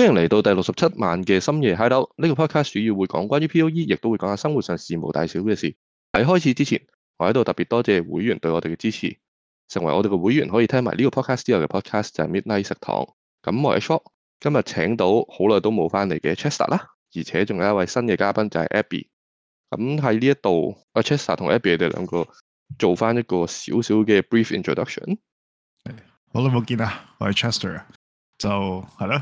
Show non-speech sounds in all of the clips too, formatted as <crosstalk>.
歡迎嚟到第六十七萬嘅深夜，Hideout，呢個 podcast 主要會講關於 POE，亦都會講下生活上事無大小嘅事。喺開始之前，我喺度特別多謝會員對我哋嘅支持，成為我哋嘅會員可以聽埋呢個 podcast 之後嘅 podcast 就係 Midnight 食堂。咁我係今日請到好耐都冇翻嚟嘅 Chester 啦，而且仲有一位新嘅嘉賓就係 Abby。咁喺呢一度，阿 Chester 同 Abby 哋兩個做翻一個少少嘅 brief introduction。Hello，好耐冇見啦，我係 Chester，就、so, Hello。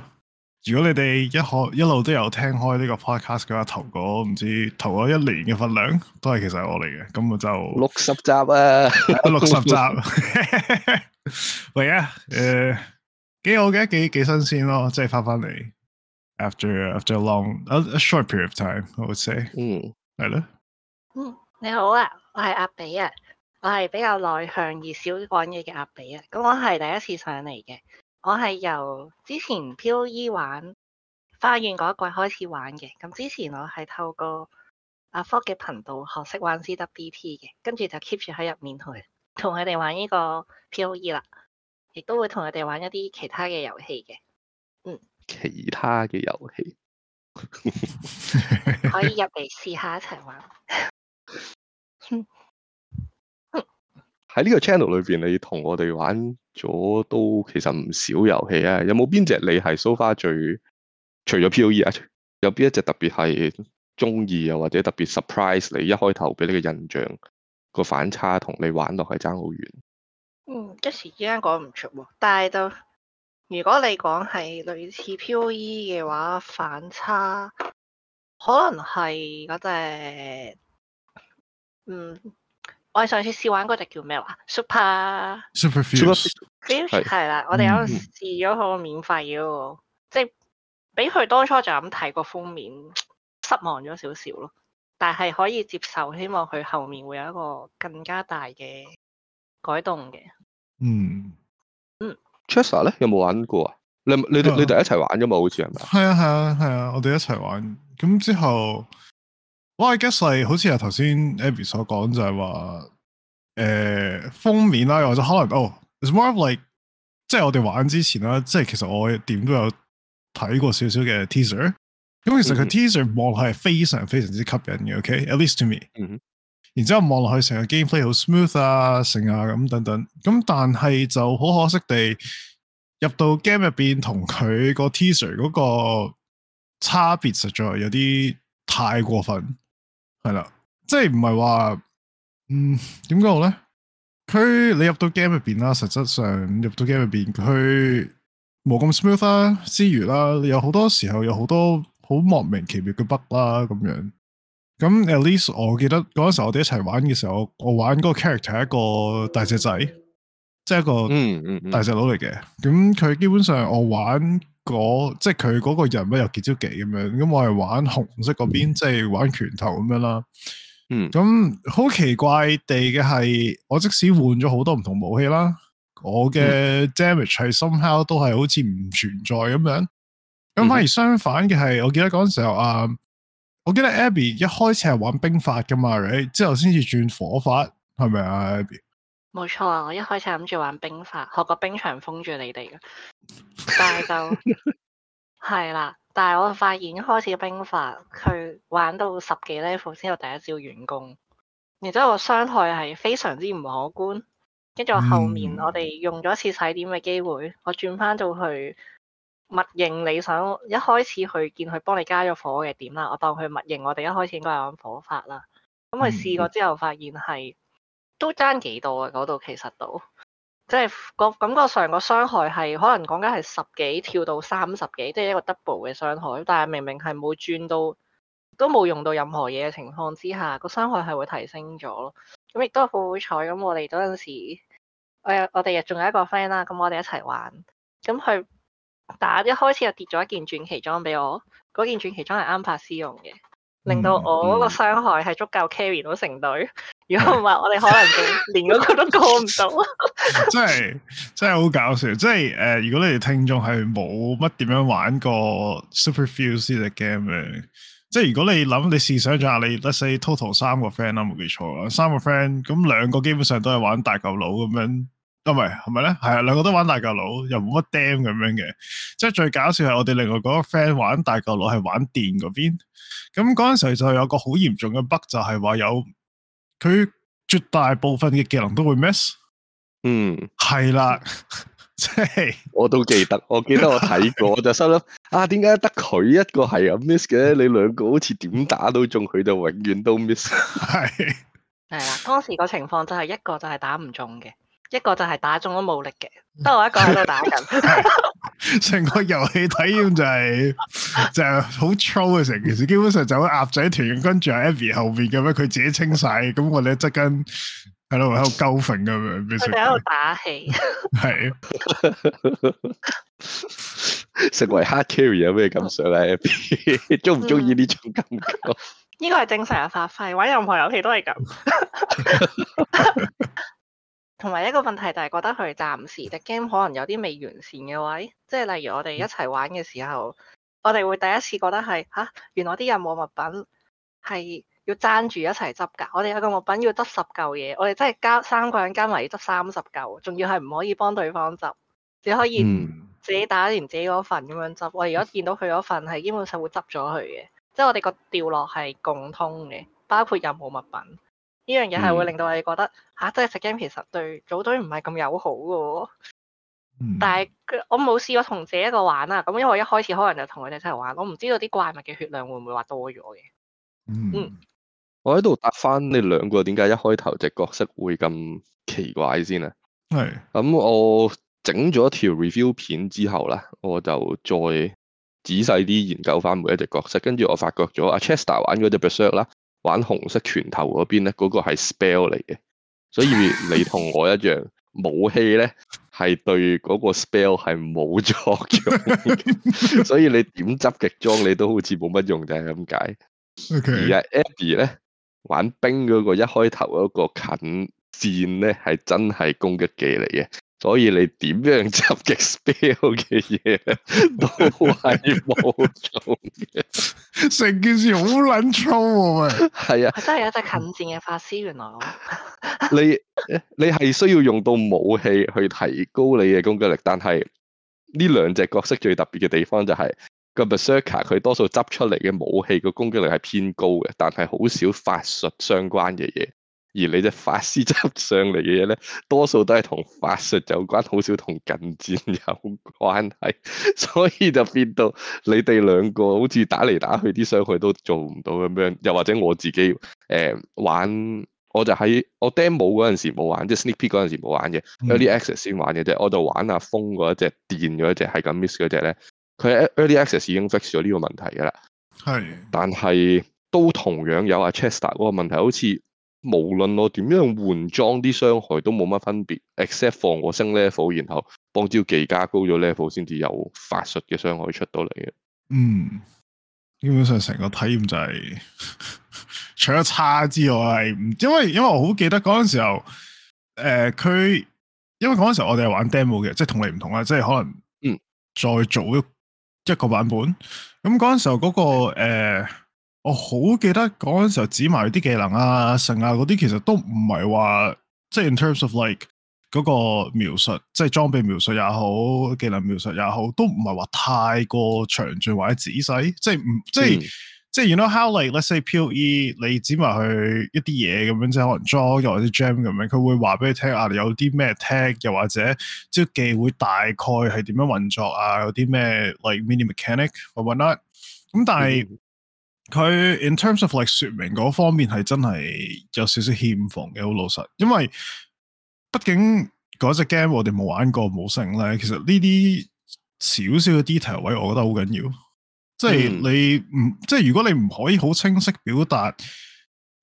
如果你哋一開一路都有聽開呢個 podcast 嘅話，投過唔知投咗一年嘅份量，都係其實係我嚟嘅。咁我就六十集啊，六十集。喂啊、 <laughs> <laughs> yeah, uh,，誒，幾好嘅，幾幾新鮮咯，即係返翻嚟。After after a long a short period of time, I would say，嗯呢，係咯。嗯，你好啊，我係阿比啊，我係比較內向而少講嘢嘅阿比啊，咁我係第一次上嚟嘅。我係由之前 POE 玩花園嗰一季開始玩嘅，咁之前我係透過阿 f 嘅頻道學識玩 C.W.P 嘅，跟住就 keep 住喺入面去同佢哋玩呢個 POE 啦，亦都會同佢哋玩一啲其他嘅遊戲嘅，嗯，其他嘅遊戲可以入嚟試下一齊玩，喺 <laughs> 呢個 channel 裏邊你同我哋玩。咗都其實唔少遊戲啊，有冇邊隻你係 so far 最除咗 POE 啊？有邊一隻特別係中意啊？或者特別 surprise 你一開頭俾你嘅印象，個反差同你玩落係爭好遠？嗯，一時之間講唔出喎。啊，但係就如果你講係類似 POE 嘅話，反差可能係嗰隻嗯。我哋上次試玩嗰隻叫咩話？Super Superfuse Superfuse 係啦，我哋有試咗個免費嘅，嗯、即係俾佢當初就咁睇個封面，失望咗少少咯。但係可以接受，希望佢後面會有一個更加大嘅改動嘅。嗯嗯，Chesa 咧有冇玩過啊？你你你哋一齊玩咗冇？好似係咪？係啊係啊係啊，我哋一齊玩咁之後。我、well,，I guess 係好似係頭先 Abby 所講，就係話誒封面啦，或者可能哦、oh,，it's more of like 即係我哋玩之前啦，即係其實我點都有睇過少少嘅 teaser。咁其實佢 teaser 望落係非常非常之吸引嘅，OK？At least to me、mm。Hmm. 然之後望落去成個 gameplay 好 smooth 啊，成啊咁等等。咁但係就好可惜地入到 game 入邊，同佢個 teaser 嗰個差別實在有啲太過分。係啦，即係唔係話，嗯，點講好咧？佢你入到 game 入邊啦，實質上入到 game 入邊，佢冇咁 smooth 啦，之餘啦，有好多時候有好多好莫名其妙嘅 bug 啦，咁樣。咁 at least 我記得嗰陣時我哋一齊玩嘅時候，我玩嗰個 character 係一個大隻仔，即係一個大隻佬嚟嘅。咁佢基本上我玩。即係佢嗰個人物又幾招技咁樣，咁我係玩紅色嗰邊，mm. 即係玩拳頭咁樣啦。嗯，咁好奇怪地嘅係，我即使換咗好多唔同武器啦，我嘅 damage 係 somehow 都係好似唔存在咁樣。咁反而相反嘅係，mm hmm.，我記得嗰陣時候啊，我記得 Abby 一開始係玩兵法㗎嘛，right? 之後先至轉火法，係咪啊？Abby? 冇錯啊！我一開始諗住玩冰法，學個冰場封住你哋嘅，但係就係啦。 <laughs> 但係我發現開始嘅冰法，佢玩到十幾 level 先有第一招完攻，然之後我傷害係非常之唔可觀。跟住我後面，我哋用咗次洗點嘅機會， <laughs> 我轉翻到去物形。你想一開始去見佢幫你加咗火嘅點啦，我當佢物形，我哋一開始應該係玩火法啦。咁佢試過之後發現係。都爭幾多啊！嗰度其實都，即係個感覺上個傷害係可能講緊係十幾跳到三十幾，即係一個 double 嘅傷害。但係明明係冇轉到，都冇用到任何嘢嘅情況之下，個傷害係會提升咗咯。咁亦都好好彩，咁我哋嗰陣時，我有我哋仲有一個 friend 啦，咁我哋一齊玩，咁佢打一開始又跌咗一件傳奇裝俾我，嗰件傳奇裝係啱法師用嘅。令到我嗰個傷害係足夠 carry 到成隊，如果唔係我哋可能連嗰個都過唔到。真係真係好搞笑，即係誒，如果你哋聽眾係冇乜點樣玩過 Superfuse 呢隻 game，即係如果你諗你試想下，你得四 total 三個 friend 啦，冇記錯啦，三個 friend，咁兩個基本上都係玩大舊佬咁樣。咁咪係咪咧？係啊，兩個都玩大舊佬，又冇乜 damn 咁樣嘅。即係最搞笑係我哋另外嗰個 friend 玩大舊佬，係玩電嗰邊。咁嗰陣時就有個好嚴重嘅 bug，就係話有佢絕大部分嘅技能都會 miss。嗯，係啦的，即係我都記得，我記得我睇過，我 <laughs> 就心諗啊，點解得佢一個係咁 miss 嘅？你兩個好似點打都中，佢就永遠都 miss。係係啊， <laughs> 當時個情況就係一個就係打唔中嘅。一個就係打中咗武力嘅，得我一個喺度打緊。成、就是、個遊戲體驗就係就係好 c 嘅成件事，基本上就喺鴨仔團，跟住阿 Abby 後邊嘅咩，佢自己清晒，咁我咧即跟係咯喺度鳩瞓咁樣。我喺度打氣 <laughs> 對，係 <laughs> 成為 hard carry 有咩感想咧？Abby 中唔中意呢種感覺？呢個係正常嘅發揮，玩任何遊戲都係咁。 <laughs> <laughs> 同埋一個問題就係覺得佢暫時嘅 game 可能有啲未完善嘅位，即係例如我哋一齊玩嘅時候，我哋會第一次覺得係嚇、啊，原來啲任務物品係要爭住一齊執㗎。我哋一個物品要執十嚿嘢，我哋真係加三個人加埋要執三十嚿，仲要係唔可以幫對方執，只可以自己打完自己嗰份咁樣執。Mm. 我如果見到佢嗰份係基本上會執咗佢嘅，即係我哋個掉落係共通嘅，包括任務物品。呢樣嘢係會令到我哋覺得嚇，即係食 game 其實對組隊唔係咁友好嘅。嗯。但係我冇試過同自己一個玩啊。咁因為我一開始可能就同佢哋一齊玩，我唔知道啲怪物嘅血量會唔會話多咗嘅。嗯。嗯。我喺度答翻你兩個點解一開頭隻角色會咁奇怪先啊？係。咁我整咗條 review 片之後咧，我就再仔細啲研究翻每一隻角色，跟住我發覺咗阿 Chester 玩嗰隻 Berserker 啦。玩紅色拳頭嗰邊咧，嗰個係 spell 嚟嘅，所以你同我一樣武器咧，係對嗰個 spell 係冇作用，所以你點執極裝你都好似冇乜用，就係咁解。而家 Abby 咧玩兵嗰個一開頭嗰個近戰咧，係真係攻擊技嚟嘅，所以你點樣執極 spell 嘅嘢，都係冇用嘅。成件事好撚粗啊，係 <laughs> 啊，真係有隻近戰嘅法師，原來你你係需要用到武器去提高你嘅攻擊力，但係呢兩隻角色最特別嘅地方就係、是、個 Berserker 佢多數執出嚟嘅武器個攻擊力係偏高嘅，但係好少法術相關嘅嘢。而你隻法師執上嚟嘅嘢咧，多數都係同法術有關，好少同近戰有關係， <laughs> 所以就變到你哋兩個好似打嚟打去啲傷害都做唔到咁樣。又或者我自己誒、呃、玩，我就喺我 demo 嗰陣時冇玩，即係 sneak peek 嗰陣時冇玩嘅、嗯、，early access 先玩嘅啫。我就玩阿峰嗰隻，電嗰隻，係咁 miss 嗰隻咧。佢喺 early access 已經 fix 咗呢個問題噶啦。係的，但係都同樣有阿 chester 嗰個問題，好似。無論我點樣換裝，啲傷害都冇乜分別，except 放我升 level，然後幫招技加高咗 level，先至有法術嘅傷害出到嚟嘅。嗯，基本上成個體驗就係、是、 <laughs> 除咗差之外，係唔知因為因為我好記得嗰陣時候，誒、呃，佢因為嗰陣時候我哋係玩 demo 嘅，即、就、係、是、同你唔同啊，即、就、係、是、可能嗯再早一個版本，咁嗰陣時候嗰、那個誒。呃我好記得嗰陣時候指埋啲技能啊、神啊嗰啲，其實都唔係話即係 in terms of like 嗰個描述，即係裝備描述也好，技能描述也好，都唔係話太過詳盡或者仔細，即係唔即係、嗯、即係。You know how like let's say POE，你指埋佢一啲嘢咁樣，即係可能裝又或者 gem 咁樣，佢會話俾你聽啊，有啲咩 tag 又或者即係技會大概係點樣運作啊，有啲咩 like mini mechanic or whatnot。咁但係，佢 in terms of like 說明嗰方面係真係有少少欠奉嘅，好老實。因為畢竟嗰隻 game 我哋冇玩過冇剩咧，其實呢啲少少嘅 detail 位我覺得好緊要。即係你唔、嗯、即係如果你唔可以好清晰表達，誒、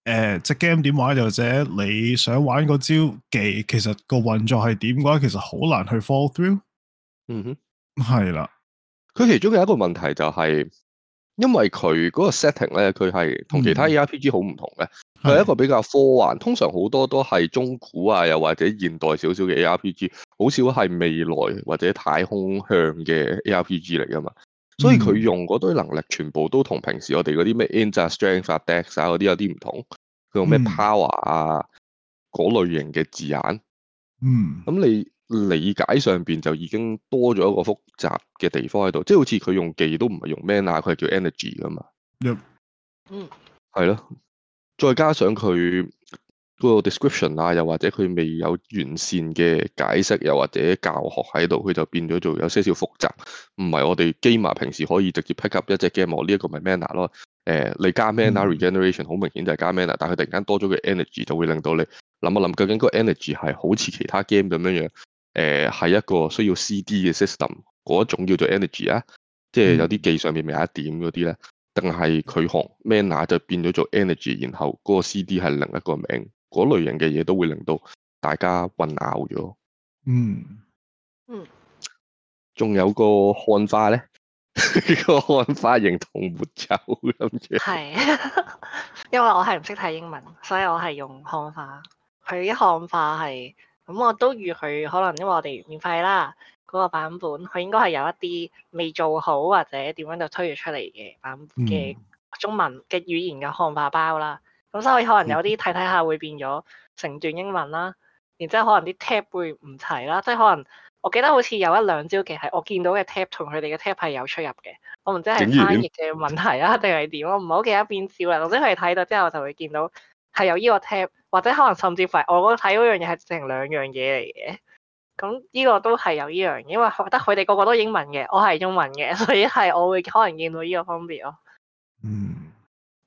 呃,隻 game 點玩又或者你想玩個招技，其實個運作係點嘅話，其實好難去 fall through。嗯哼，係啦的。佢其中嘅一個問題就係、是。因為佢嗰個 setting 咧，佢係同其他 ARPG 好唔同嘅，佢係、嗯、一個比較科幻。通常好多都係中古啊，又或者現代少少嘅 ARPG，好少係未來或者太空向嘅 ARPG 嚟㗎嘛。所以佢用嗰堆能力，全部都同平時我哋嗰啲咩 Int 啊 Str 啊 Dex 啊嗰啲、啊、有啲唔同，佢用咩 power 啊嗰、嗯、類型嘅字眼。嗯，咁你，理解上邊就已經多咗一個複雜嘅地方喺度，即係好似佢用技都唔係用 mana 佢係叫 energy 噶嘛。係咯 Yep.，再加上佢嗰個 description 啊，又或者佢未有完善嘅解釋，又或者教學喺度，佢就變咗做有些少複雜。唔係我哋 gamer 平時可以直接 pick up 一隻 game，我呢一個咪 mana 咯。誒、呃，你加 mana regeneration 好明顯就係加 mana 但係佢突然間多咗個 energy 就會令到你諗一諗究竟個 energy 係好似其他 game 咁樣樣。誒係、呃、一個需要 CD 嘅 system，嗰種叫做 energy 啊，即係有啲記上面未有一點嗰啲咧，定係佢行 mana 就變咗做 energy，然後嗰個 CD 係另一個名，嗰類型嘅嘢都會令到大家混淆咗、嗯。嗯嗯，仲有個漢化咧，個 <laughs> 漢化形同冇咁嘅。係，因為我係唔識睇英文，所以我係用漢化。佢漢化係。咁我都預佢可能因為我哋免費啦，嗰個版本佢應該係有一啲未做好或者點樣就推咗出嚟嘅版嘅中文嘅語言嘅漢化包啦。咁所以可能有啲睇睇下會變咗成段英文啦，嗯、然之後可能啲 tab 會唔齊啦，即、就、係、是、可能我記得好似有一兩招嘅係我見到嘅 tab 同佢哋嘅 tab 係有出入嘅，我唔知係翻譯嘅問題啊定係點我唔好記得邊招啦，總之佢哋睇到之後就會見到。係由呢個 tap，或者可能甚至乎係我睇嗰樣嘢係成兩樣嘢嚟嘅。咁呢個都係有呢樣，因為我覺得佢哋個個都英文嘅，我係中文嘅，所以係我會可能見到呢個分別咯。嗯。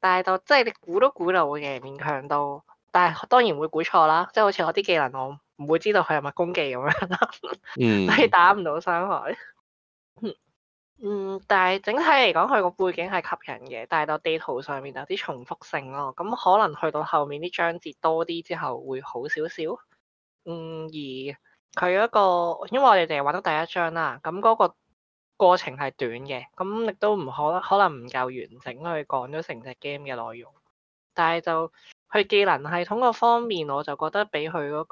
但係到即係你估都估到嘅，勉強到，但係當然會估錯啦。即係好似我啲技能，我唔會知道佢係咪攻技咁樣啦 <laughs> 、嗯。 <laughs> 嗯。係打唔到傷害。嗯，但係整體嚟講，佢個背景係吸引嘅，但係到地圖上面有啲重複性咯。咁、嗯、可能去到後面啲章節多啲之後會好少少。嗯，而佢一、嗰個，因為我哋淨係玩到第一章啦，咁、嗯、嗰、嗰個過程係短嘅，咁亦都唔可可能唔夠完整去講咗成隻 game 嘅內容。但係就佢技能系統個方面，我就覺得俾佢嗰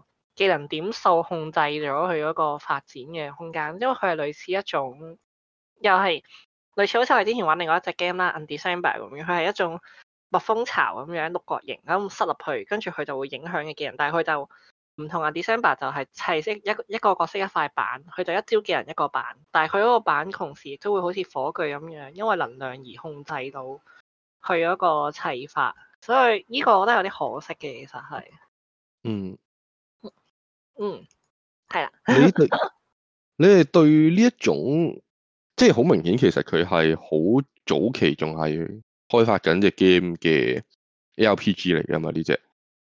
個技能點數控制咗佢嗰個發展嘅空間，因為佢係類似一種。又係類似好似我哋之前玩另外一隻 game 啦，Undecember 咁樣，佢係一種蜜蜂巢咁樣，六角形咁塞入去，跟住佢就會影響嘅技能。但係佢就唔同 Undecember 就係砌先一一個角色一塊板，佢就一招技能一個板。但係佢嗰個板同時亦都會好似火炬咁樣，因為能量而控制到佢嗰個砌法。所以呢個我覺得有啲可惜嘅，其實係。嗯。嗯。係啦對。 <laughs> 你對你係對呢一種？即係好明顯，其實佢係好早期，仲係開發緊隻 game 嘅 ARPG 嚟㗎嘛？呢隻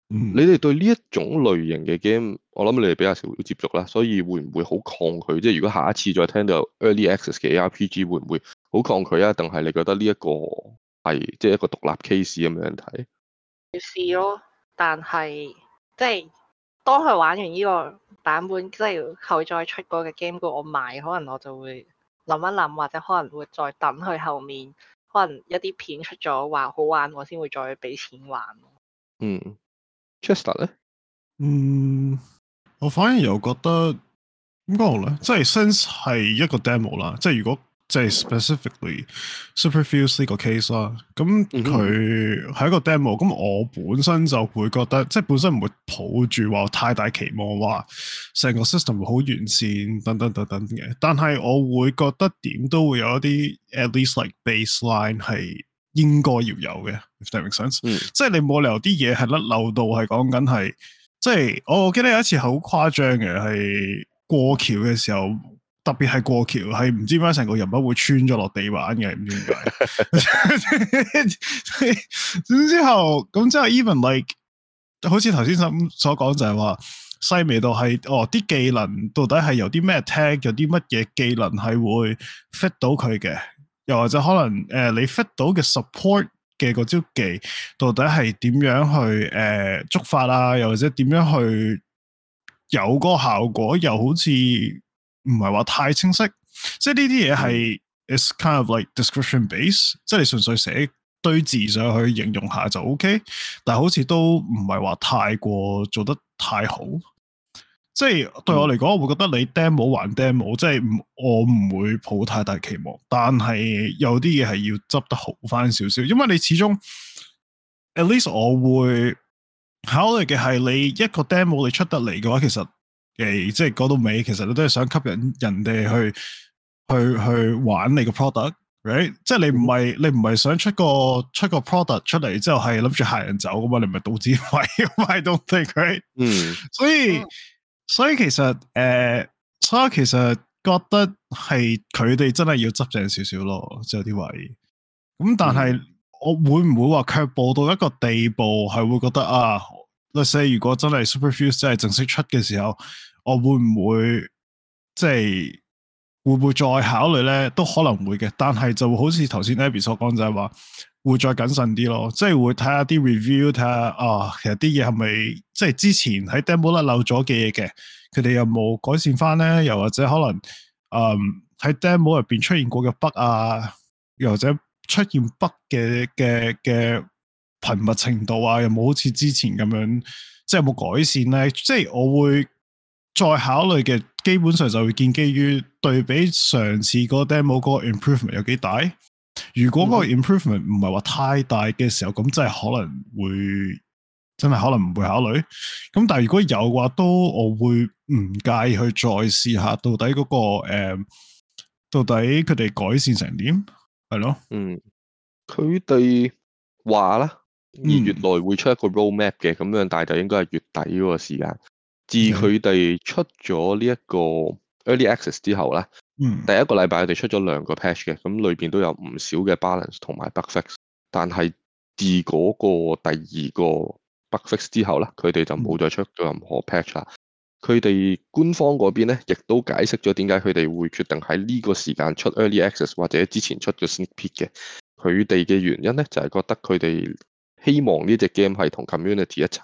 ，mm. 你哋對呢一種類型嘅 game，我諗你哋比較少會接觸啦，所以會唔會好抗拒？即係如果下一次再聽到 early access 嘅 ARPG，會唔會好抗拒啊？定係你覺得呢一個係即係一個獨立 case 咁樣睇？要試咯，但係即係當佢玩完呢個版本，即係後再出嗰個 game，我買可能我就會。諗一諗，或者可能會再等佢後面，可能一啲片出咗話好玩，我先會再畀錢玩。嗯，Chester 咧，嗯，我反而又覺得點講好咧，即係 sense 係一個 demo 啦，即係如果。即係 specifically Superfuse 個 case 啦，咁佢係一個 demo，咁我本身就會覺得，即係本身唔會抱住話太大期望，話成個 system 好完善等等等等嘅。但係我會覺得點都會有一啲、嗯、哼 at least like baseline 係應該要有嘅。If that makes sense、嗯、即係你冇理由啲嘢係甩漏到係講緊係，即係我記得有一次好誇張嘅係過橋嘅時候。特別係過橋，係唔知點解成個人物會穿咗落地板嘅，唔知點解。 <laughs> <laughs> 之後，咁之後，even like，好似頭先所所講就係話，細微度係，哦，啲技能到底係有啲咩 tag，有啲乜嘢技能係會 fit 到佢嘅，又或者可能，誒、呃，你 fit 到嘅 support 嘅嗰招技，到底係點樣去，誒、呃，觸發啊，又或者點樣去有個效果，又好似。唔係話太清晰，即係呢啲嘢係，it's kind of like description based，即係你純粹寫堆字上去形容下就 OK，但係好似都唔係話太過做得太好，即係對我嚟講，我會覺得你 demo 還 demo，即係我唔會抱太大期望，但係有啲嘢係要執得好翻少少，因為你始終 at least 我會考慮嘅係你一個 demo 你出得嚟嘅話，其實。誒，即係嗰到尾，其實你都係想吸引人哋去去去玩你個 product，right？即係你唔係你唔係想出個出個 product 出嚟之後係諗住客人走噶嘛？你唔咪導致位，I <laughs> don't think，right？嗯，所以所以其實誒，所以其實，呃、我其實覺得係佢哋真係要執正少少咯，有啲位。咁但係我會唔會話卻步到一個地步，係會覺得啊？Let's say 如果真係 Superfuse 真係正式出嘅時候，我會唔會即係會唔會再考慮咧？都可能會嘅，但係就好似頭先 Abby 所講就係話會再謹慎啲咯，即係會睇下啲 review，睇下啊、哦，其實啲嘢係咪即係之前喺 Demo 甩漏咗嘅嘢嘅？佢哋有冇改善翻咧？又或者可能嗯喺 Demo 入邊出現過嘅 bug 啊，又或者出現 bug 嘅嘅嘅。頻密程度啊，有冇好似之前咁樣，即係有冇改善咧？即係我會再考慮嘅，基本上就會建基於對比上次個 demo 個 improvement 有幾大。如果個 improvement 唔係話太大嘅時候，咁真係可能會真係可能唔會考慮。咁但係如果有嘅話，都我會唔介意去再試下到底嗰、那個誒、嗯，到底佢哋改善成點係咯？嗯，佢哋話啦。二月內會出一個 roadmap 嘅咁樣，但係就應該係月底嗰個時間。自佢哋出咗呢一個 early access 之後啦，mm. 第一個禮拜佢哋出咗兩個 patch 嘅，咁裏邊都有唔少嘅 balance 同埋 bug fix。但係自嗰個第二個 bug fix 之後啦，佢哋就冇再出咗任何 patch 啦。佢哋、mm. 官方嗰邊咧，亦都解釋咗點解佢哋會決定喺呢個時間出 early access 或者之前出咗 sneak peek 嘅。佢哋嘅原因咧，就係、是、覺得佢哋。希望呢隻 game 係同 community 一齊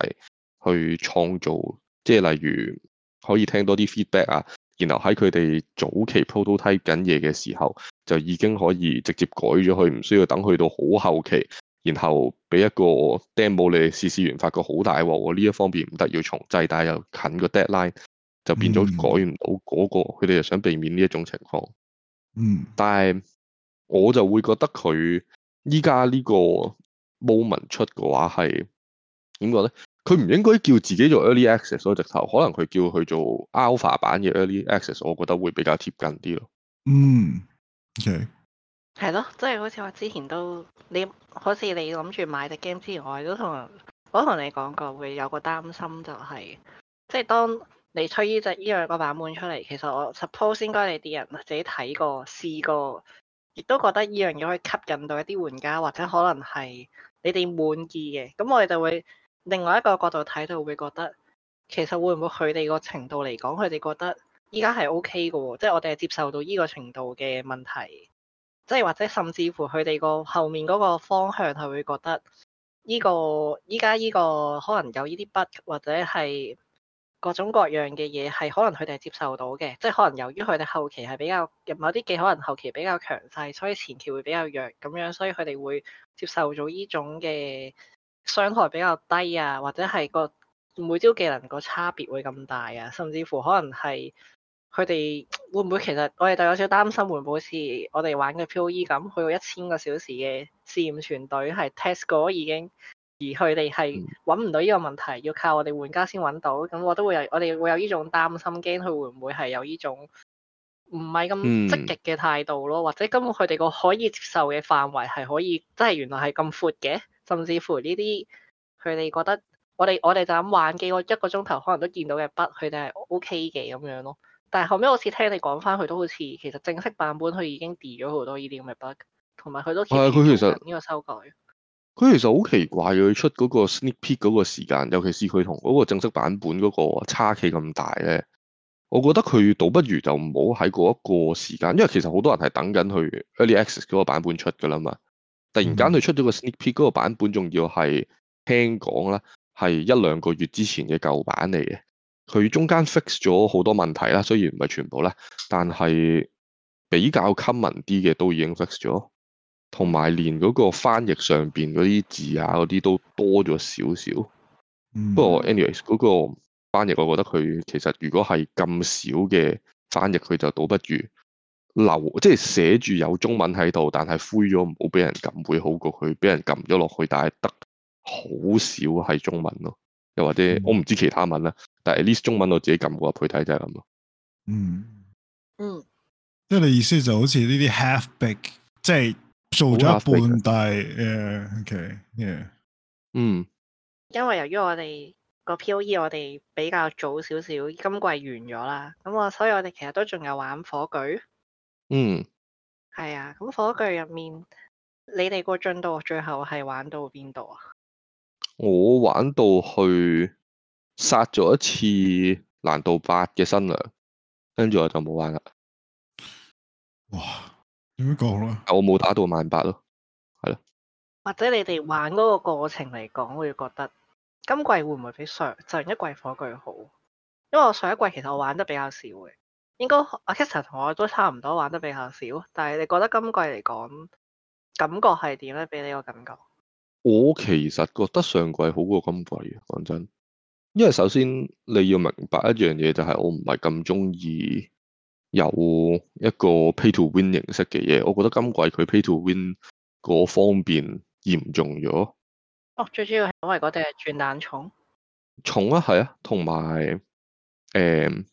去創造，即係例如可以聽多啲 feedback 啊，然後喺佢哋早期 prototype 緊嘢嘅時候，就已經可以直接改咗佢，唔需要等去到好後期，然後俾一個 demo 你哋試試完發覺好大鑊，呢一方面唔得要重製，但係又近個 deadline，就變咗改唔到嗰個，佢哋又想避免呢一種情況。嗯，但係我就會覺得佢依家呢個。moment 出嘅話係點講咧？佢唔應該叫自己做 early access，所以直頭可能佢叫佢做 alpha 版嘅 early access，我覺得會比較貼近啲咯。嗯 OK 係咯，即、okay。係、 <noise> 就是、好似我之前都你，好似你諗住買隻 game 之前，我哋，都同我同你講過，會有個擔心就係、是，即、就、係、是、當你推呢隻呢樣個版本出嚟，其實我 suppose 應，應該你啲人自己睇過試過，亦都覺得呢樣嘢可以吸引到一啲玩家，或者可能係。你哋滿意嘅，咁我哋就會另外一個角度睇，就會覺得其實會唔會佢哋個程度嚟講，佢哋覺得依家係 O K 嘅喎，即係我哋係接受到呢個程度嘅問題，即係或者甚至乎佢哋個後面嗰個方向係會覺得依個依家呢個可能有呢啲不，或者係。各種各樣嘅嘢係可能佢哋接受到嘅，即係可能由於佢哋後期係比較入某啲技能，可能後期比較強勢，所以前期會比較弱咁樣，所以佢哋會接受到呢種嘅傷害比較低啊，或者係個每招技能個差別會咁大啊，甚至乎可能係佢哋會唔會其實我哋就有少少擔心，會唔會好似我哋玩嘅 POE 咁，去到一千個小時嘅試驗團隊係 test 過已經。而佢哋係揾唔到呢個問題，要靠我哋玩家先揾到。咁我都會有，我哋會有呢種擔心，驚佢會唔會係有呢種唔係咁積極嘅態度咯？嗯、或者根本佢哋個可以接受嘅範圍係可以，即係原來係咁闊嘅，甚至乎呢啲佢哋覺得我哋我哋就咁玩幾個一個鐘頭可能都見到嘅 bug，佢哋係 OK 嘅咁樣咯。但係後尾我似聽你講翻，佢都好似其實正式版本佢已經 delete 咗好多呢啲咁嘅 bug，同埋佢都其實呢個修改。哎佢其實好奇怪，佢出嗰個 sneak peek 嗰個時間，尤其是佢同嗰個正式版本嗰個差距咁大咧。我覺得佢倒不如就唔好喺嗰一個時間，因為其實好多人係等緊佢 early access 嗰個版本出噶啦嘛。突然間佢出咗個 sneak peek 嗰個版本，仲要係聽講啦，係一兩個月之前嘅舊版嚟嘅。佢中間 fix 咗好多問題啦，雖然唔係全部啦，但係比較 common 啲嘅都已經 fix 咗。同埋連嗰個翻譯上邊嗰啲字啊，嗰啲都多咗少少，不過 anyways 嗰個翻譯，我覺得佢其實如果係咁少嘅翻譯，佢就倒不如留，即係寫住有中文喺度，但係灰咗，唔好俾人撳，會好過佢俾人撳咗落去，但係得好少係中文咯，又或者，嗯、我唔知其他文啦，但係 at least 中文我自己撳過入去睇就係咁咯。嗯嗯，即係你意思就好似呢啲 half big 即係。做咗一半，但係誒，OK，yeah。嗯，因為由於我哋個 POE 我哋比較早少少，今季完咗啦，咁我所以我哋其實都仲有玩火炬，嗯，係啊，咁火炬入面，你哋個進度最後係玩到邊度啊？我玩到去殺咗一次難度八嘅新娘，跟住我就冇玩啦 <noise> 。哇！點講咯？我冇打到萬八咯，係咯？或者你哋玩嗰個過程嚟講，會覺得今季會唔會比上上一季火句好？因為我上一季其實我玩得比較少嘅，應該阿 Katherine 同我都差唔多玩得比較少。但係你覺得今季嚟講，感覺係點咧？俾你個感覺，我其實覺得上季好過今季，講真。因為首先你要明白一樣嘢，就係我唔係咁中意。有一個 pay to win 形式嘅嘢，我覺得今季佢 pay to win 嗰方面嚴重咗。哦，最主要係因為嗰隻係轉蛋重重啊，係啊，同埋誒，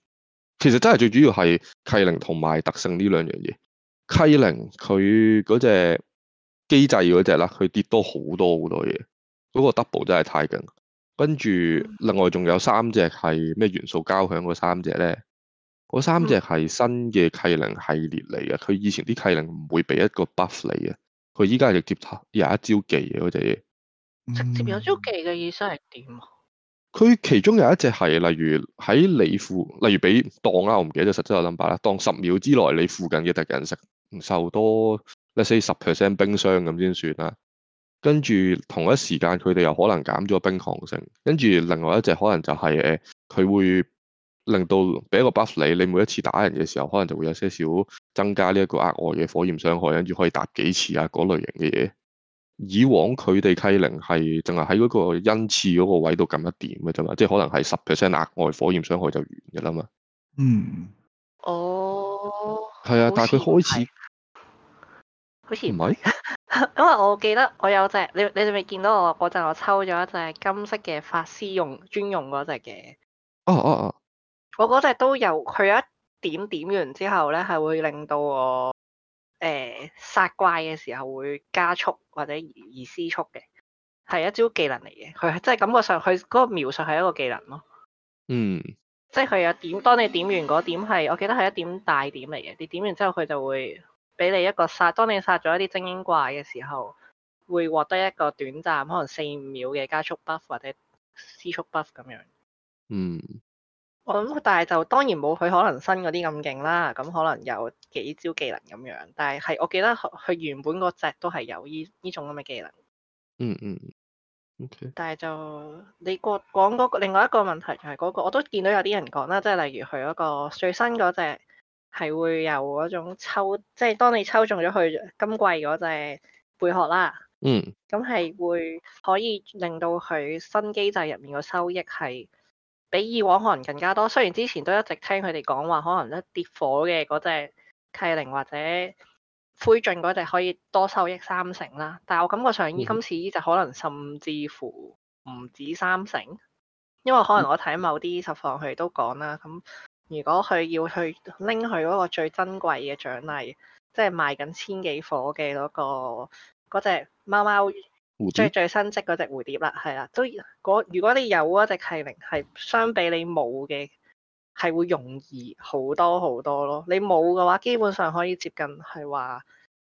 其實真係最主要係契靈同埋特性呢兩樣嘢。契靈佢嗰隻機制嗰隻啦，佢跌多好多好多嘢，嗰、嗰個 double 真係太勁。跟住另外仲有三隻係咩元素交響嗰三隻咧。嗰三隻係新嘅契靈系列嚟嘅，佢以前啲契靈唔會俾一個 buff 你，嘅，佢依家係直接有一招技嘅嗰隻嘢。那個、直接有招技嘅意思係點啊？佢其中有一隻係，例如喺你附，例如俾當啊，我唔記得咗實際個 number 啦。當十秒之內你附近嘅敵人食唔受多 let's say 十 percent 冰霜咁先算啦。跟住同一時間佢哋又可能減咗冰抗性，跟住另外一隻可能就係誒佢會。令到俾一個 buff 你，你每一次打人嘅時候，可能就會有些少增加呢一個額外嘅火焰傷害，跟住可以打幾次啊嗰類型嘅嘢。以往佢哋溪凌係淨係喺嗰個恩賜嗰個位度撳一點嘅啫嘛，即係可能係十 percent 額外火焰傷害就完嘅啦嘛。嗯，哦、嗯，係啊，但係佢開始，好似唔係，是 <laughs> 因為我記得我有隻你你哋未見到我嗰陣，我抽咗一隻金色嘅法師用專用嗰隻嘅。哦哦哦。我嗰隻都有，佢有一點點完之後呢，係會令到我誒、欸、殺怪嘅時候會加速或者而而施速嘅，係一招技能嚟嘅。佢即係感覺上佢嗰個描述係一個技能咯。嗯。即係佢有點，當你點完嗰點係，我記得係一點大點嚟嘅。你點完之後，佢就會俾你一個殺。當你殺咗一啲精英怪嘅時候，會獲得一個短暫可能四五秒嘅加速 buff 或者施速 buff 咁樣。嗯。我諗，但係就當然冇佢可能新嗰啲咁勁啦。咁、嗯、可能有幾招技能咁樣，但係係我記得佢原本嗰隻都係有呢依種咁嘅技能。嗯嗯。嗯 okay. 但係就你講講嗰個，另外一個問題就係嗰、嗰個，我都見到有啲人講啦，即、就、係、係、例如佢嗰個最新嗰隻係會有嗰種抽，即、就、係、係、當你抽中咗佢今季嗰隻貝殼啦。嗯。咁係會可以令到佢新機制入面個收益係，比以往可能更加多，雖然之前都一直聽佢哋講話，可能一跌火嘅嗰隻契靈或者灰燼嗰隻可以多收益三成啦，但我感覺上依今次呢隻可能甚至乎唔止三成，因為可能我睇某啲實況佢哋都講啦，咁如果佢要去拎佢嗰個最珍貴嘅獎勵，即係賣緊千幾火嘅嗰、嗰個嗰隻貓貓。最最新式嗰隻蝴蝶啦，係啦，都如果你有嗰隻係零，係相比你冇嘅係會容易好多好多咯。你冇嘅話，基本上可以接近係話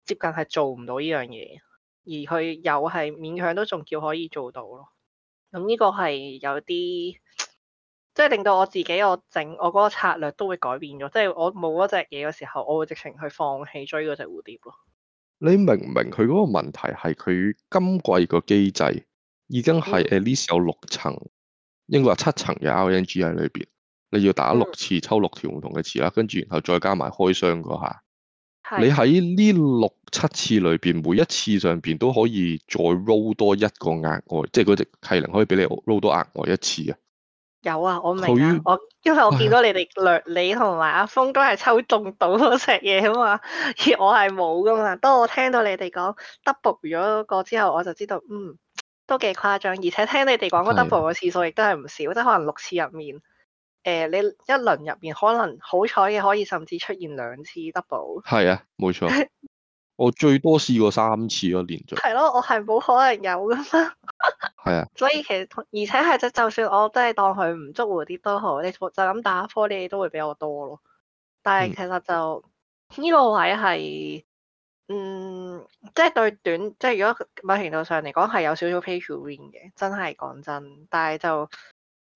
接近係做唔到呢樣嘢，而佢又係勉強都仲叫可以做到咯。咁呢個係有啲即係令到我自己我整我嗰個策略都會改變咗，即係我冇嗰隻嘢嘅時候，我會直情去放棄追嗰隻蝴蝶咯。你明唔明？佢嗰個問題係佢今季個機制已經係 at least 有六層，應該話七層嘅 RNG 喺裏邊，你要打六次抽六條唔同嘅詞啦，跟住然後再加埋開箱嗰下。的你喺呢六七次裏邊，每一次上邊都可以再 roll 多一個額外，即係嗰隻契能可以俾你 roll 多額外一次啊。有啊，我明，啊、於我因為我見到你哋梁 <laughs> 你同埋阿峰都係抽中到嗰隻嘢啊嘛，而我係冇噶嘛。當我聽到你哋講 double 咗個之後，我就知道嗯都幾誇張。而且聽你哋講個 double 嘅次數亦都係唔少，的即係可能六次入面，誒、呃、你一輪入面可能好彩嘅可以甚至出現兩次 double。係啊，冇錯。我最多試過三次咯，連續係咯，我係冇可能有㗎嘛，係 <laughs> 啊的，所以其實而且係就算我真係當佢唔捉回啲都好，你就咁打一科，你都會比我多咯。但係其實就呢、這個位係，嗯，即、就、係、是、對短，即、就、係、是、如果某程度上嚟講係有少少 pay to win 嘅，真係講真。但係就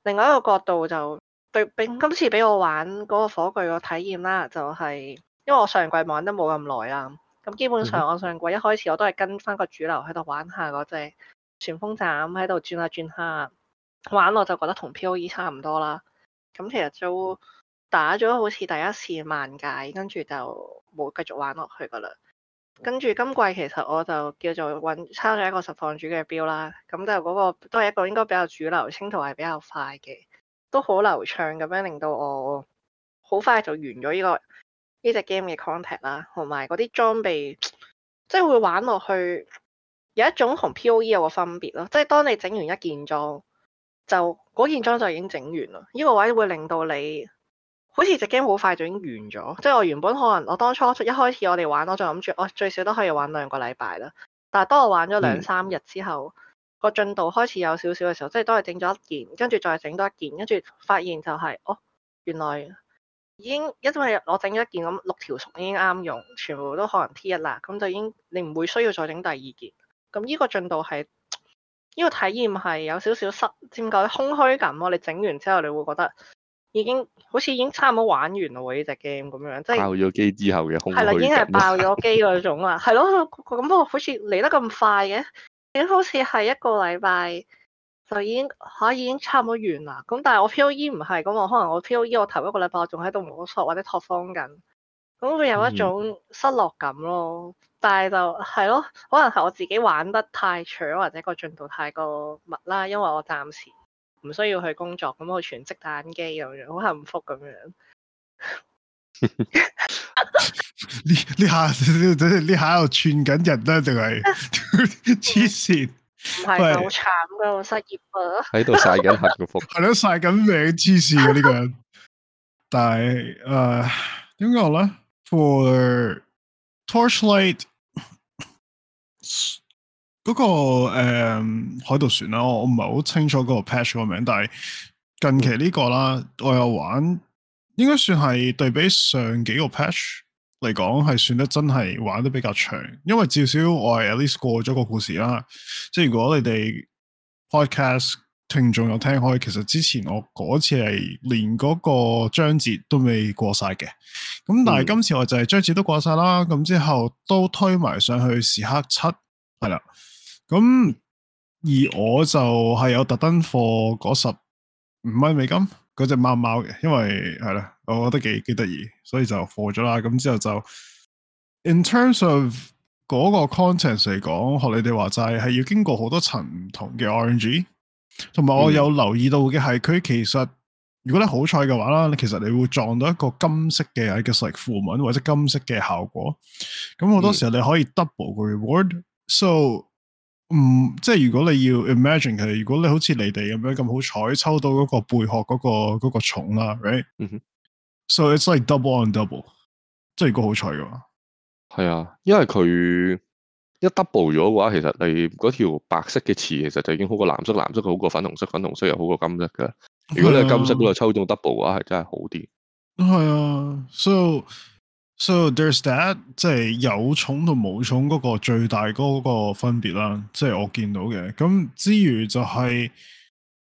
另外一個角度就對，今次俾我玩嗰個火炬個體驗啦、就是，就係因為我上季玩得冇咁耐啦。咁基本上我上季一開始我都係跟翻個主流喺度玩下嗰隻旋風斬，喺度轉下轉下，玩落就覺得同 POE 差唔多啦。咁其實都打咗好似第一次萬界，跟住就冇繼續玩落去噶啦。跟住今季其實我就叫做搵抄咗一個實況主嘅標啦，咁就係嗰個都係一個應該比較主流，清圖係比較快嘅，都好流暢咁樣令到我好快就完咗呢個。呢隻 game 嘅 contact 啦，同埋嗰啲裝備，即係會玩落去有一種同 P.O.E 有個分別咯。即係當你整完一件裝，就嗰件裝就已經整完啦。呢個位會令到你好似隻 game 好快就已經完咗。即係我原本可能我當初一開始我哋玩，我就諗住我最少都可以玩兩個禮拜啦。但係當我玩咗兩三日之後，個、嗯、進度開始有少少嘅時候，即係當係整咗一件，跟住再整多一件，跟住發現就係，哦，原來。已經因為我整咗一件，咁六條熟已經啱用，全部都可能 T 一啦，咁就已經你唔會需要再整第二件。咁呢個進度係呢個體驗係有少少失，點講咧？空虛感咯。你整完之後你會覺得已經好似已經差唔多玩完咯，呢隻 game 咁樣，即係爆咗機之後嘅空虛感。係啦，已經係爆咗機嗰種啊。係咯， <laughs> 咁我好似嚟得咁快嘅已經好似係一個禮拜。就已經吓、啊、已經差唔多完啦。咁但係我 P O E 唔係咁，我可能我 P O E 我頭一個禮拜我仲喺度摸索或者拓荒緊，咁會有一種失落感咯。但係就係咯，可能係我自己玩得太長或者個進度太過密啦。因為我暫時唔需要去工作，咁我全職打機咁樣，好幸福咁樣。呢呢下呢下喺度串緊人啦，定係黐線？唔係啊，好慘噶，失業啊！喺度晒緊幸福，係咯晒緊名，黐線呢個，但係誒點解咧？For Torchlight 嗰個誒，海盜船啦，我唔係好清楚嗰個 patch 個名，但係近期呢個啦，我有玩，應該算係對比上幾個 patch。嚟講係算得真係玩得比較長，因為至少我係 at least 過咗個故事啦。即係如果你哋 podcast 聽眾有聽、聽開，其實之前我嗰次係連嗰個章節都未過晒嘅。咁但係今次我就係章節都過晒啦。咁之後都推埋上去時刻七係啦。咁而我就係有特登課嗰十五蚊美金嗰隻、那個、貓貓嘅，因為係啦。我覺得幾幾得意，所以就放咗啦。咁之後就，in terms of 嗰個 content 嚟講，學你哋話齋係要經過好多層唔同嘅 orange，同埋我有留意到嘅係，佢其實如果你好彩嘅話啦，你其實你會撞到一個金色嘅，I guess l i 文或者金色嘅效果。咁好多時候你可以 double 個 reward，嗯。So，嗯，即係如果你要 imagine 佢，如果你好似你哋咁樣咁好彩，抽到嗰個貝殼嗰、那個嗰、那個啦，right？Mm hmm. So it's like double on double，即係個好彩噶係啊，因為佢一 double 咗嘅話，其實你嗰條白色嘅刺，其實就已經好過藍色，藍色好過粉紅色，粉紅色又好過金色噶。如果你係金色嗰度抽中 double 嘅話，係、啊、真係好啲。係啊，so so there's that，即係有重同冇重嗰個最大嗰個分別啦。即係我見到嘅，咁之餘就係。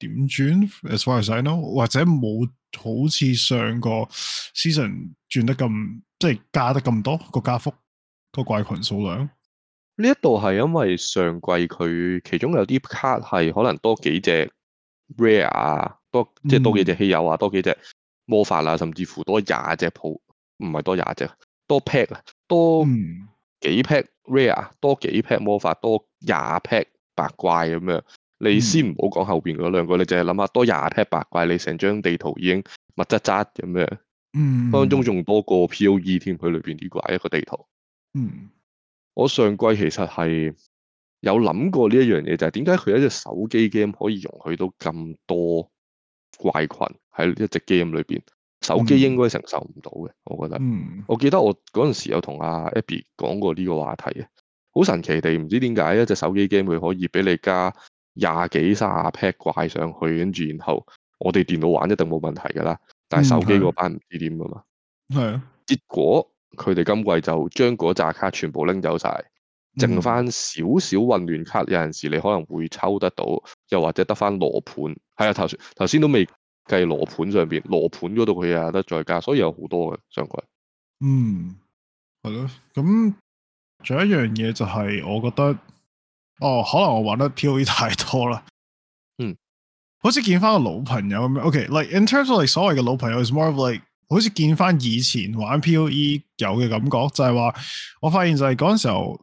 點轉？As far as I know，或者冇好似上個 season 轉得咁，即係加得咁多個加幅個怪群數量。呢一度係因為上季佢其中有啲卡係可能多幾隻 rare，多即係多幾隻稀有啊，多幾隻魔法啊，嗯、甚至乎多廿隻鋪，唔係多廿隻，多 pack 啊，多幾 pack rare，多幾 pack 魔法，多廿 pack 白怪咁樣。你先唔好講後邊嗰兩個，你淨係諗下多廿踢八怪，你成張地圖已經密質質咁樣，嗯，當中仲多過 POE 添，佢裏邊呢個係一個地圖，嗯，我上季其實係有諗過呢一樣嘢，就係點解佢一隻手機 game 可以容許到咁多怪群喺一隻 game 裏邊，手機應該承受唔到嘅，我覺得，嗯，嗯我記得我嗰陣時有同阿 Abby 講過呢個話題啊，好神奇地，唔知點解一隻手機 game 佢可以俾你加。廿幾、卅 pet 掛上去，跟住然後我哋電腦玩一定冇問題噶啦。但係手機嗰班唔知點啊嘛。係啊、嗯，結果佢哋今季就將嗰扎卡全部拎走晒，剩翻少少混亂卡。有陣時你可能會抽得到，又或者得翻羅盤。係啊，頭頭先都未計羅盤上邊，羅盤嗰度佢又有得再加，所以有好多嘅上季。嗯，係咯。咁仲有一樣嘢就係，我覺得。哦，oh, 可能我玩得 POE 太多啦，嗯，好似見翻個老朋友咁樣。Okay，like in terms of，like, 所謂嘅老朋友，it's more of like，好似見翻以前玩 POE 有嘅感覺，就係、是、話我發現就係嗰陣時候，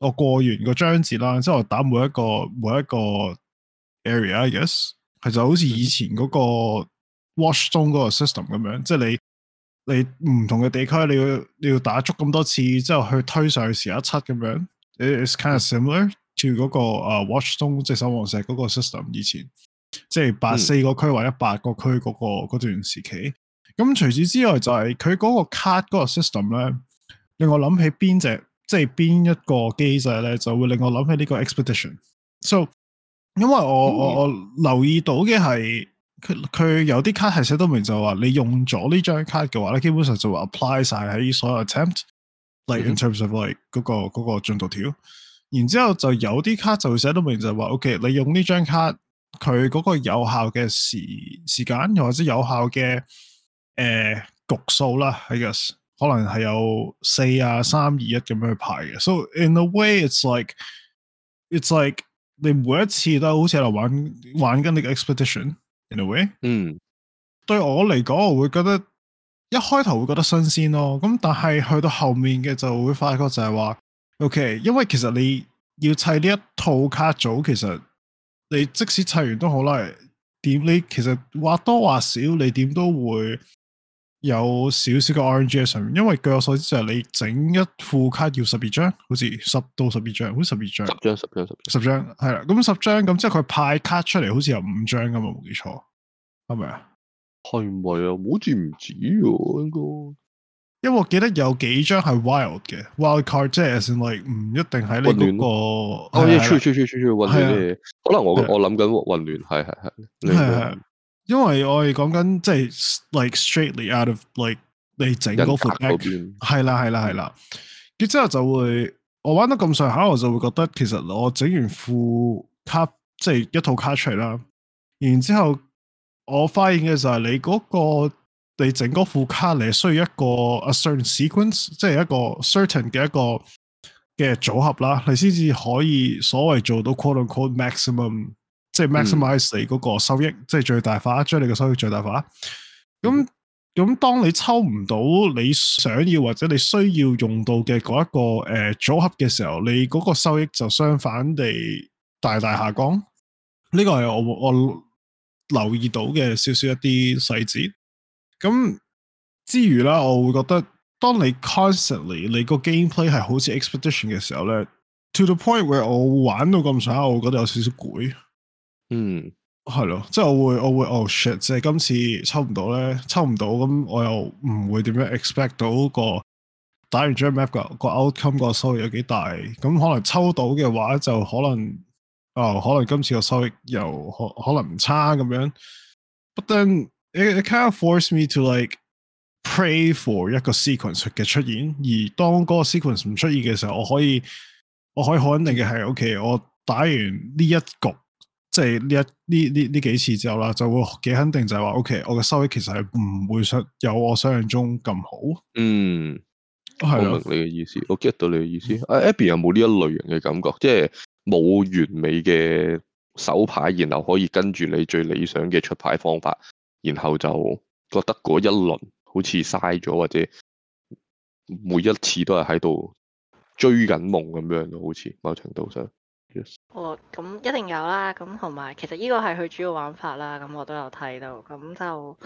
我過完個章節啦，之後我打每一個每一個 area，yes 係就好似以前嗰個 watchstone 嗰個 system 咁樣，即係你你唔同嘅地區你要你要打足咁多次之後去推上去時一七咁樣，it's kind of similar、嗯。住如嗰個啊，Watchstone 即係守望石嗰個 system 以前，即係八四個區或者一百個區嗰、嗰個段時期。咁除此之外，就是，就係佢嗰個卡嗰個 system 咧，令我諗起邊隻即係邊一個機制咧，就會令我諗起呢個 Expedition、so, 所以因為我、嗯、我我留意到嘅係佢佢有啲卡係寫得明就，就話你用咗呢張卡嘅話咧，基本上就話 apply 晒喺所有 attempt，like in terms of like 嗰、嗰個嗰、嗰個進度條。然之後就有啲卡就會寫到明就係話，OK，你用呢張卡，佢嗰個有效嘅時時間，又或者有效嘅誒、呃、局數啦 I guess 可能係有四啊三二一咁樣去排嘅。So in a way it's like it's like 你每一次都好似喺度玩玩緊個 expedition in a way。嗯，對我嚟講，我會覺得一開頭會覺得新鮮咯，咁但係去到後面嘅就會發覺就係話。O.K.，因為其實你要砌呢一套卡組，其實你即使砌完都好啦。點你其實或多或少，你點都會有少少個 RNG 喺上面。因為據我所知就係你整一副卡要十二張，好似十到十二張，好似十二張。十張，十張，十。十張係啦，咁十張咁，張即係佢派卡出嚟，好似有五張咁嘛，冇記錯係咪啊？係唔係啊，好似唔止啊，應該。因為我記得有幾張係 wild 嘅 wild card，即係 like 唔一定喺你嗰個。哦，即出出出出出可能我我諗緊混亂，係係係。係，因為我係講緊即係 like straightly out of like 你整嗰副係啦係啦係啦，然之後就會我玩得咁上下，我就會覺得其實我整完副卡即係一套卡出嚟啦。然之後我發現嘅就係你嗰個。你整嗰副卡，你需要一個 a certain sequence，即係一個 certain 嘅一個嘅組合啦，你先至可以所謂做到 quote unquote maximum，即係 maximize 你嗰個收益，嗯、即係最大化，將你嘅收益最大化。咁咁，當你抽唔到你想要或者你需要用到嘅嗰一個誒、uh, 組合嘅時候，你嗰個收益就相反地大大下降。呢、這個係我我留意到嘅少少一啲細節。咁之餘啦，我會覺得當你 constantly 你個 gameplay 係好似 expedition 嘅時候咧、mm.，to the point where 我玩到咁上下，我會覺得有少少攰。嗯，係咯，即係我會我會 oh shit，即係今次抽唔到咧，抽唔到，咁我又唔會點樣 expect 到個打完 gym map 個 outcome 個收益有幾大？咁可能抽到嘅話，就可能啊、哦，可能今次個收益又可可能唔差咁樣，but then It kind of forced me to like pray for 一個 sequence 嘅出現，而當嗰個 sequence 唔出現嘅時候，我可以我可以好肯定嘅係，OK，我打完呢一局，即係呢一呢呢呢幾次之後啦，就會幾肯定就係話，OK，我嘅收益其實係唔會想有我想象中咁好。嗯，係咯、啊，我明你嘅意思，嗯、我 get 到你嘅意思。阿、嗯啊、Abby 有冇呢一類型嘅感覺？即係冇完美嘅手牌，然後可以跟住你最理想嘅出牌方法。然後就覺得嗰一輪好似嘥咗，或者每一次都係喺度追緊夢咁樣，好似某程度上。Yes. 哦，咁一定有啦。咁同埋，其實呢個係佢主要玩法啦。咁我都有睇到。咁就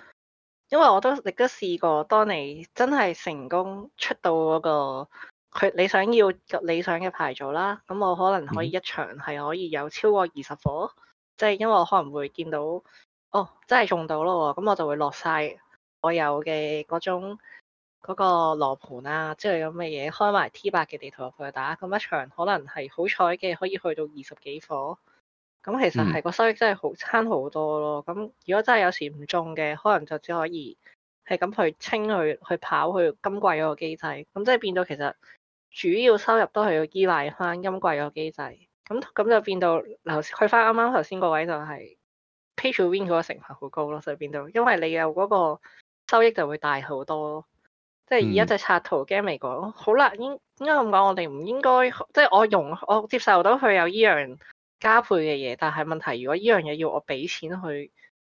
因為我都亦都試過，當你真係成功出到嗰、嗰個佢你想要嘅理想嘅牌組啦，咁我可能可以一場係可以有超過二十火，即係、嗯、因為我可能會見到。.哦，真係中到咯，咁、嗯、我就會落晒我有嘅嗰種嗰、嗰個羅盤啊之類咁嘅嘢，開埋 T 八嘅地圖入去打咁一場，可能係好彩嘅，可以去到二十幾火，咁、嗯、其實係、個收益真係好差好多咯。咁如果真係有時唔中嘅，可能就只可以係咁去清去去跑去今季嗰個機制，咁即係變到其實主要收入都係要依賴翻今季嗰個機制，咁咁就變到流去翻啱啱頭先個位就係、是。Pay to win 嗰個成分好高咯，所以變到因為你有嗰個收益就會大好多咯。即係以一隻刷圖 game 嚟講，好啦，應該應該咁講，我哋唔應該即係我用，我接受到佢有依樣加倍嘅嘢，但係問題如果依樣嘢要我俾錢去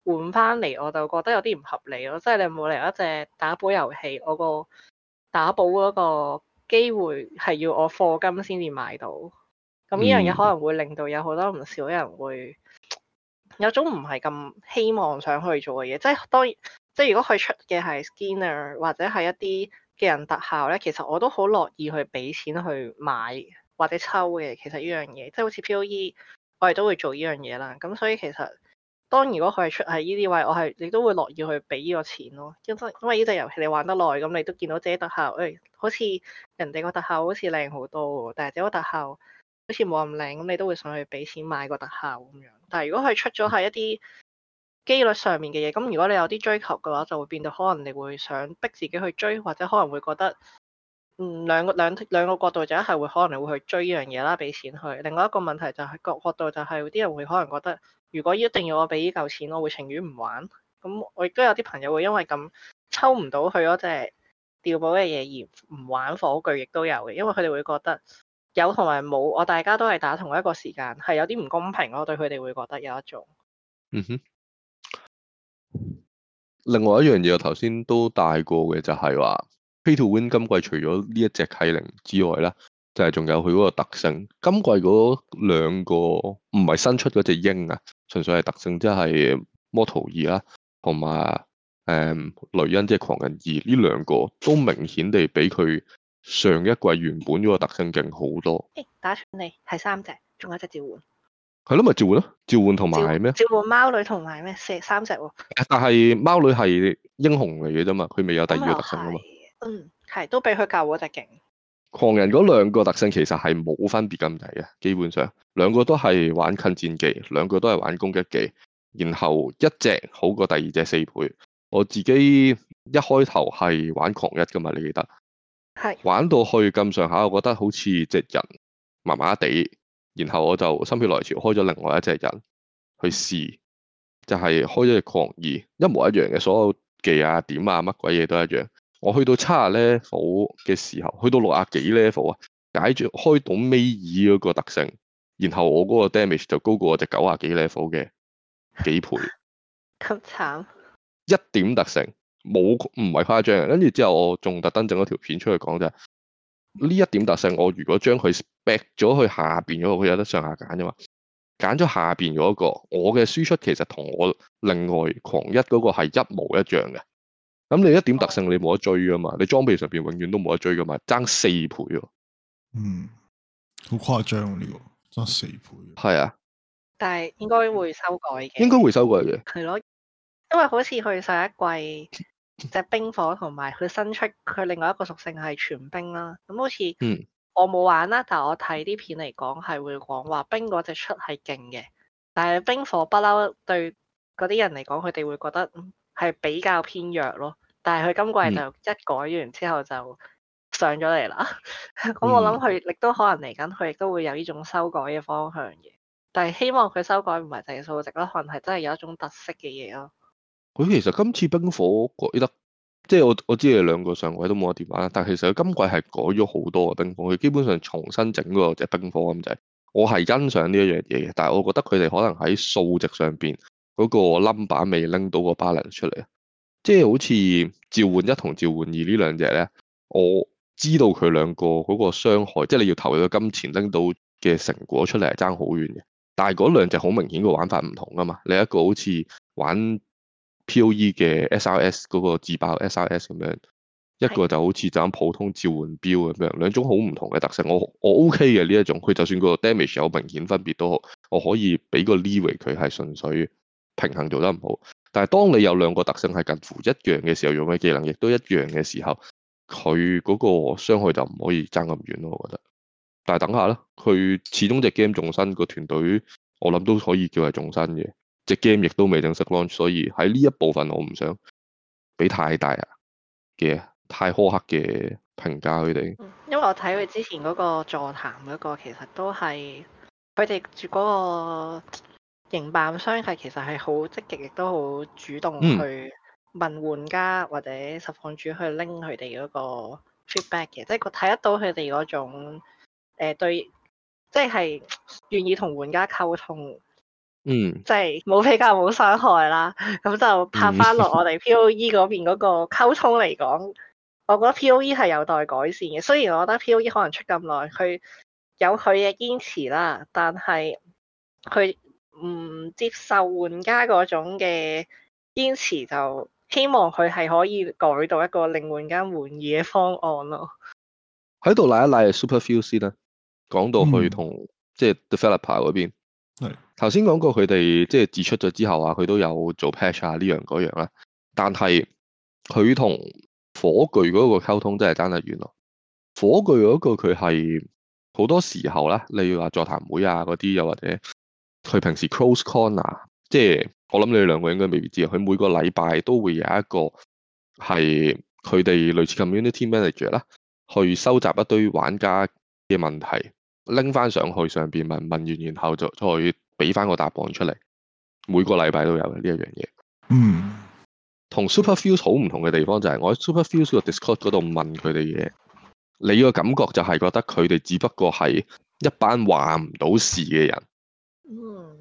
換翻嚟，我就覺得有啲唔合理咯。即係你冇理由一隻打寶遊戲，我個打寶嗰個機會係要我課金先至買到，咁呢樣嘢可能會令到有好多唔少人會有種唔係咁希望想去做嘅嘢，即係當即係如果佢出嘅係 Skinner 或者係一啲嘅人特效咧，其實我都好樂意去俾錢去買或者抽嘅。其實呢樣嘢，即係好似 POE，我哋都會做呢樣嘢啦。咁所以其實，當如果佢係出喺呢啲位，我係你都會樂意去俾呢個錢咯。因為因為呢隻遊戲你玩得耐，咁你都見到自己特效，誒、哎、好似人哋個特效好似靚好多喎，但係自己特效好似冇咁靚，咁你都會想去俾錢買個特效咁樣。嗱，如果佢出咗係一啲機率上面嘅嘢，咁如果你有啲追求嘅話，就會變到可能你會想逼自己去追，或者可能會覺得，嗯，兩個兩兩個角度就一係會可能你會去追依樣嘢啦，俾錢去。另外一個問題就係角角度就係啲人會可能覺得，如果一定要我俾依嚿錢，我會情願唔玩。咁我亦都有啲朋友會因為咁抽唔到佢嗰隻調補嘅嘢而唔玩火炬，亦都有嘅，因為佢哋會覺得。有同埋冇，我大家都係打同一個時間，係有啲唔公平咯，我對佢哋會覺得有一種。嗯哼。另外一樣嘢，我頭先都帶過嘅就係話 Pay-to-Win 今季除咗呢一隻契靈之外咧，就係、是、仲有佢嗰個特性。今季嗰兩個唔係新出嗰隻鷹啊，純粹係特性，啊，即係摩托二啦，同埋誒雷恩即係狂人二呢兩個都明顯地比佢。上一季原本嗰個特性勁好多，誒、欸，打穿你係三隻，仲有一隻召喚，係咯咪召喚咯，召喚同埋係咩？召喚貓女同埋咩？四三隻喎、哦，但係貓女係英雄嚟嘅啫嘛，佢未有第二個特性噶嘛，嗯，係都比佢舊嗰隻勁，狂人嗰兩個特性其實係冇分別咁睇嘅，基本上兩個都係玩近戰技，兩個都係玩攻擊技，然後一隻好過第二隻四倍，我自己一開頭係玩狂一噶嘛，你記得。係是玩到去咁上下，我覺得好似隻人麻麻地，然後我就心血來潮開咗另外一隻人去試，就係開咗隻狂二，一模一樣嘅所有技啊、點啊、乜鬼嘢都一樣。我去到七啊 level 嘅時候，去到六啊幾 level 啊，解住開到尾二嗰個特性，然後我嗰個 damage 就高過我隻九啊幾 level 嘅幾倍 <laughs> 慘。咁慘，一點特性。冇唔係誇張，跟住之後我仲特登整咗條片出去講就係呢一點特性，我如果將佢逼咗去下邊嗰個，佢有得上下揀啫嘛，揀咗下邊嗰個，我嘅輸出其實同我另外狂一嗰個係一模一樣嘅。咁你一點特性你冇得追噶嘛，你裝備上邊永遠都冇得追噶嘛，爭四倍。嗯，好誇張呢個爭四倍。係啊，但係應該會修改嘅，應該會修改嘅，係咯，因為好似佢上一季。隻冰火同埋佢新出，佢另外一個屬性係全冰啦。咁好似我冇玩啦，嗯，但我睇啲片嚟講係會講話冰嗰隻出係勁嘅，但係冰火不嬲對嗰啲人嚟講，佢哋會覺得係比較偏弱咯。但係佢今季就一改完之後就上咗嚟啦。咁、嗯、 <laughs> 我諗佢亦都可能嚟緊，佢亦都會有呢種修改嘅方向嘅。但係希望佢修改唔係就係數值咯，可能係真係有一種特色嘅嘢咯。佢其實今次冰火改得，即係我我知你兩個上季都冇阿電話啦，但係其實佢今季係改咗好多個冰火，佢基本上重新整個隻冰火咁滯。我係欣賞呢一樣嘢嘅，但係我覺得佢哋可能喺數值上邊嗰個 number 未拎到個 balance 出嚟，即係好似召喚一同召喚二呢兩隻咧，我知道佢兩個嗰個傷害，即係你要投入嘅金錢拎到嘅成果出嚟係爭好遠嘅，但係嗰兩隻好明顯個玩法唔同啊嘛，你一個好似玩。P.O.E 嘅 S.R.S 嗰個自爆 S.R.S 咁樣，一個就好似就咁普通召喚標咁樣，兩種好唔同嘅特性。我我 O.K. 嘅呢一種，佢就算個 damage 有明顯分別都好，我可以俾個 leeway 佢係純粹平衡做得唔好。但係當你有兩個特性係近乎一樣嘅時候，用嘅技能亦都一樣嘅時候，佢嗰個傷害就唔可以爭咁遠咯。我覺得。但係等下啦，佢始終隻 game 重新、個團隊，我諗都可以叫係重新嘅。隻 game 亦都未正式 launch 所以喺呢一部分我唔想俾太大嘅太苛刻嘅評價佢哋。嗯。因為我睇佢之前嗰個座談嗰、嗰個，其實都係佢哋住嗰個營辦商係，其實係好積極亦都好主動去問玩家或者實況主去拎佢哋嗰個 feedback 嘅，即係佢睇得到佢哋嗰種誒、呃、對，即係願意同玩家溝通。嗯，即係冇比較冇傷害啦，咁就拍翻落我哋 P O E 嗰邊嗰個溝通嚟講， <laughs> 我覺得 P O E 係有待改善嘅。雖然我覺得 P O E 可能出咁耐，佢有佢嘅堅持啦，但係佢唔接受玩家嗰種嘅堅持，就希望佢係可以改到一個令玩家滿意嘅方案咯。喺度拉一拉 Superfuse 先啦講到去同即係 Developer 嗰邊。係頭先講過佢哋即係指出咗之後啊，佢都有做 patch 啊呢樣嗰樣啦，但係佢同火炬嗰個溝通真係爭得遠咯。火炬嗰個佢係好多時候咧，例如話座談會啊嗰啲，又或者佢平時 close corner，即係我諗你哋兩個人應該未必知啊。佢每個禮拜都會有一個係佢哋類似 community manager 啦，去收集一堆玩家嘅問題。拎翻上去上邊問，問完然後就再俾翻個答案出嚟。每個禮拜都有呢一樣嘢。嗯，mm. 同 Superfuse 好唔同嘅地方就係，我喺 Superfuse 個 Discord 度問佢哋嘢，你個感覺就係覺得佢哋只不過係一班話唔到事嘅人。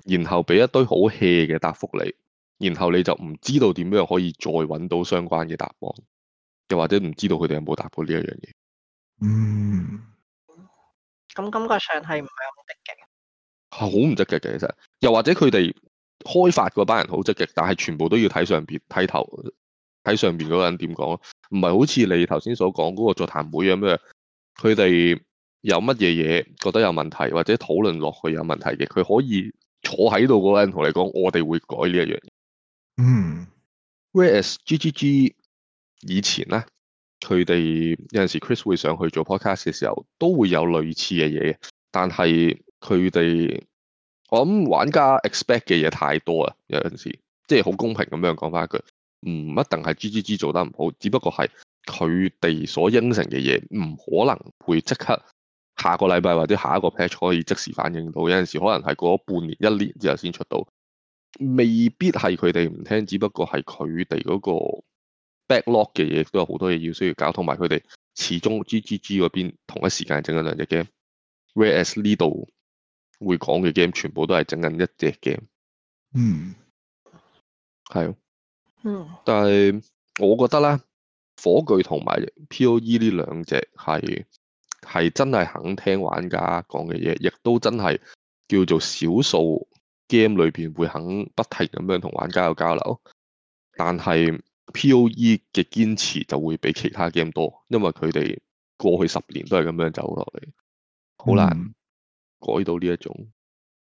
然後俾一堆好 hea 嘅答覆你，然後你就唔知道點樣可以再揾到相關嘅答案，又或者唔知道佢哋有冇答過呢一樣嘢。嗯。Mm. 咁感覺上係唔係好積極？係好唔積極嘅，其實又或者佢哋開發嗰班人好積極，但係全部都要睇上邊睇頭，睇上邊嗰個人點講。唔係好似你頭先所講嗰個座談會咁樣，佢哋有乜嘢嘢覺得有問題，或者討論落去有問題嘅，佢可以坐喺度嗰個人同你講，我哋會改呢一樣嘢。嗯。Mm. Whereas GGG 以前咧。佢哋有陣時 Chris 會上去做 podcast 嘅時候，都會有類似嘅嘢。但係佢哋，我諗玩家 expect 嘅嘢太多啦。有陣時，即係好公平咁樣講翻一句，唔一定係 GGG 做得唔好，只不過係佢哋所應承嘅嘢，唔可能會即刻下個禮拜或者下一個 patch 可以即時反映到。有陣時可能係過咗半年、一年之後先出到，未必係佢哋唔聽，只不過係佢哋嗰個。backlog 嘅嘢都有好多嘢要需要搞，同埋佢哋始終 G G G 嗰邊同一時間整緊兩隻 game，whereas 呢度會講嘅 game 全部都係整緊一隻 game。嗯，係。嗯。但係我覺得咧，火炬同埋 P O E 呢兩隻係係真係肯聽玩家講嘅嘢，亦都真係叫做少數 game 裏邊會肯不停咁樣同玩家有交流，但係。P.O.E 嘅堅持就會比其他 game 多，因為佢哋過去十年都係咁樣走落嚟，好難改到呢一種、嗯、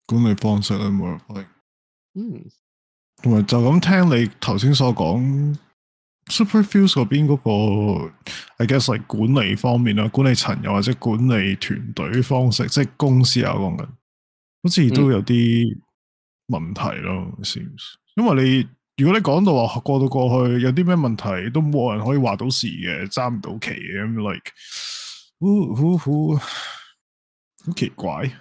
管理方式啦。冇錯，嗯，同埋就咁聽你頭先所講，Superfuse 嗰邊嗰、那個，I guess 係、like、管理方面啦，管理層又或者管理團隊方式，即、就、係、是、公司啊講緊，好似都有啲問題咯，係咪、嗯、因為你。如果你講到話過到過去，有啲咩問題都冇人可以話到事嘅，爭唔到期嘅咁 <laughs> ，like，好，好，好，好奇怪。 <laughs>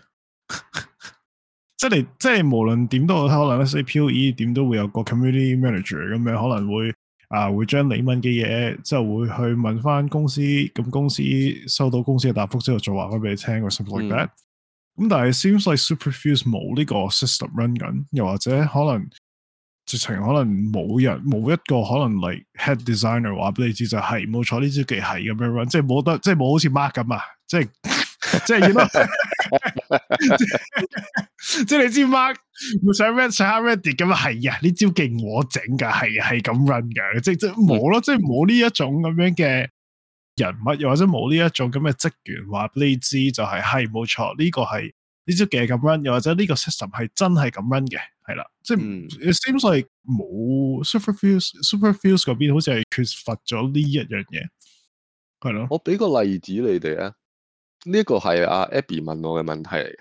<laughs> 即係你即係無論點都可能 s a P O E 點都會有個 community manager 咁樣，可能會啊會將你問嘅嘢，之後會去問翻公司，咁公司收到公司嘅答覆之後，再話翻俾你聽，或者 something like that，咁、嗯、但係 seems like Superfuse 冇呢個 system run 緊，又或者可能。直情可能冇人冇一個可能嚟 head designer 話俾你知就係冇錯呢招技係咁樣 run 即係冇得即係冇好似 Mark 咁啊，即係即係如果即係你知 Mark 會上 red 上 hard ready 咁啊係啊，呢招技我整噶係係咁 run 噶，即、嗯、即係冇咯，即係冇呢一種咁樣嘅人物又或者冇呢一種咁嘅職員話俾你知就係係冇錯呢個係。呢隻嘅咁 run，又或者呢個 system 係真係咁 run 嘅，係啦，即係、嗯、it seems like 冇 Superfuse Superfuse 嗰邊好似係缺乏咗呢一樣嘢，係咯。我俾個例子你哋啊，呢、這個係阿 Abby 問我嘅問題嚟嘅。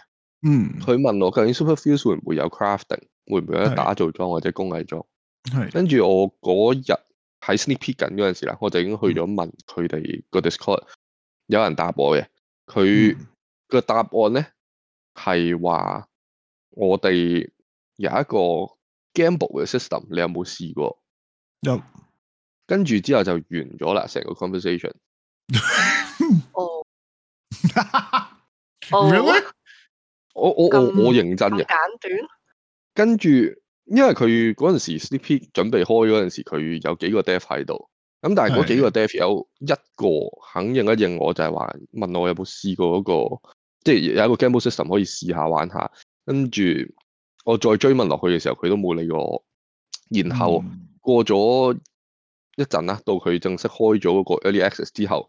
嗯，佢問我究竟 Superfuse 會唔會有 crafting，會唔會有打造裝或者工藝裝？係的。跟住我嗰日喺 sneak peek 緊嗰陣時啦，我就已經去咗問佢哋個 discord，、嗯、有人答我嘅，佢個答案咧。係話我哋有一個 gamble 嘅 system，你有冇試過？有，Yep. 跟住之後就完咗啦，成個 conversation。哦，really？我我麼我我認真嘅。簡短。跟住，因為佢嗰陣時，CP 準備開嗰陣時，佢有幾個 staff 喺度。咁但係嗰幾個 staff 有一個，的一個肯認一認我，就係話問我有冇試過嗰個，即係有一個 gameboy system 可以試下玩下，跟住我再追問落去嘅時候，佢都冇理我。然後過咗一陣啦，到佢正式開咗嗰個 early access 之後，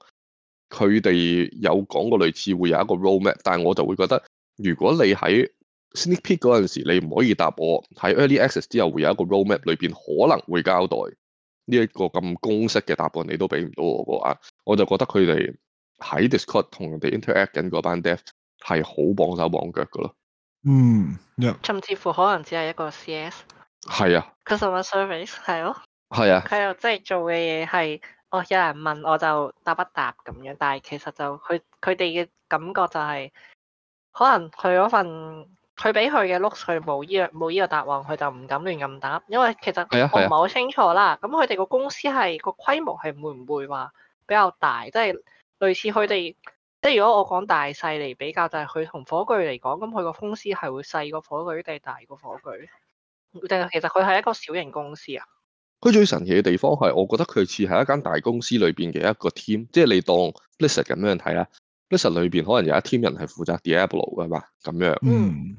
佢哋有講過類似會有一個 roadmap，但係我就會覺得，如果你喺 sneak peek 嗰陣時你唔可以答我，喺 early access 之後會有一個 roadmap 裏邊可能會交代呢一個咁公式嘅答案，你都俾唔到我嘅話，我就覺得佢哋喺 Discord 同人哋 interact 緊嗰班 death。係好綁手綁腳噶咯，嗯，yeah. 甚至乎可能只係一個 C.S. 係啊 customer service 係咯，係啊，佢又即係做嘅嘢係，哦，有人問我就答不答咁樣，但係其實就佢佢哋嘅感覺就係、是，可能佢嗰份佢俾佢嘅 look，佢冇依樣冇依個答案，佢就唔敢亂咁答，因為其實我唔係好清楚啦。咁佢哋個公司係個規模係會唔會話比較大，即、就、係、是、類似佢哋。即係如果我講大細嚟比較，就係佢同火炬嚟講，咁佢個公司係會細過火炬定係大過火炬？定係其實佢係一個小型公司啊？佢最神奇嘅地方係，我覺得佢似係一間大公司裏邊嘅一個 team，即係你當 Blizzard 咁樣睇啦 Blizzard 裏邊可能有一 team 人係負責 Diablo 㗎嘛，咁樣。嗯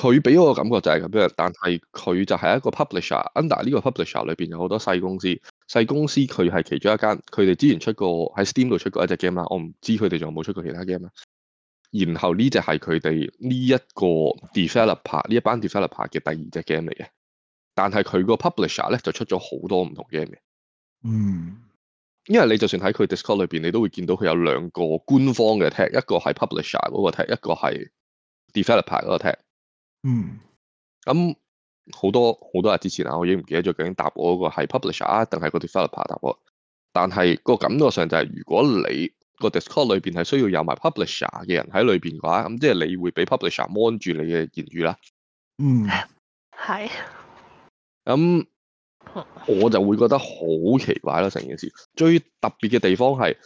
佢俾我嘅感覺就係咁樣，但係佢就係一個 publisher。under 呢個 publisher 裏邊有好多細公司，細公司佢係其中一間。佢哋之前出過喺 Steam 度出過一隻 game 啦，我唔知佢哋仲有冇出過其他 game 啦。然後呢隻係佢哋呢一個,個 developer 呢一班 developer 嘅第二隻 game 嚟嘅，但係佢個 publisher 咧就出咗好多唔同 game 嘅。嗯，因為你就算喺佢 Discord 裏邊，你都會見到佢有兩個官方嘅 tag，一個係 publisher 嗰個 tag，一個係 developer 嗰個 tag。嗯，咁好、嗯嗯、多好多日之前啊，我已經唔記得咗究竟答我嗰個係 publisher 啊，定係嗰啲 developer、er、答我？但係個感覺上就係、是，如果你個 discord 裏邊係需要有埋 publisher 嘅人喺裏邊嘅話，咁即係你會俾 publisher mon 住你嘅言語啦。嗯，係。咁、嗯是嗯、我就會覺得好奇怪咯，成件事最特別嘅地方係，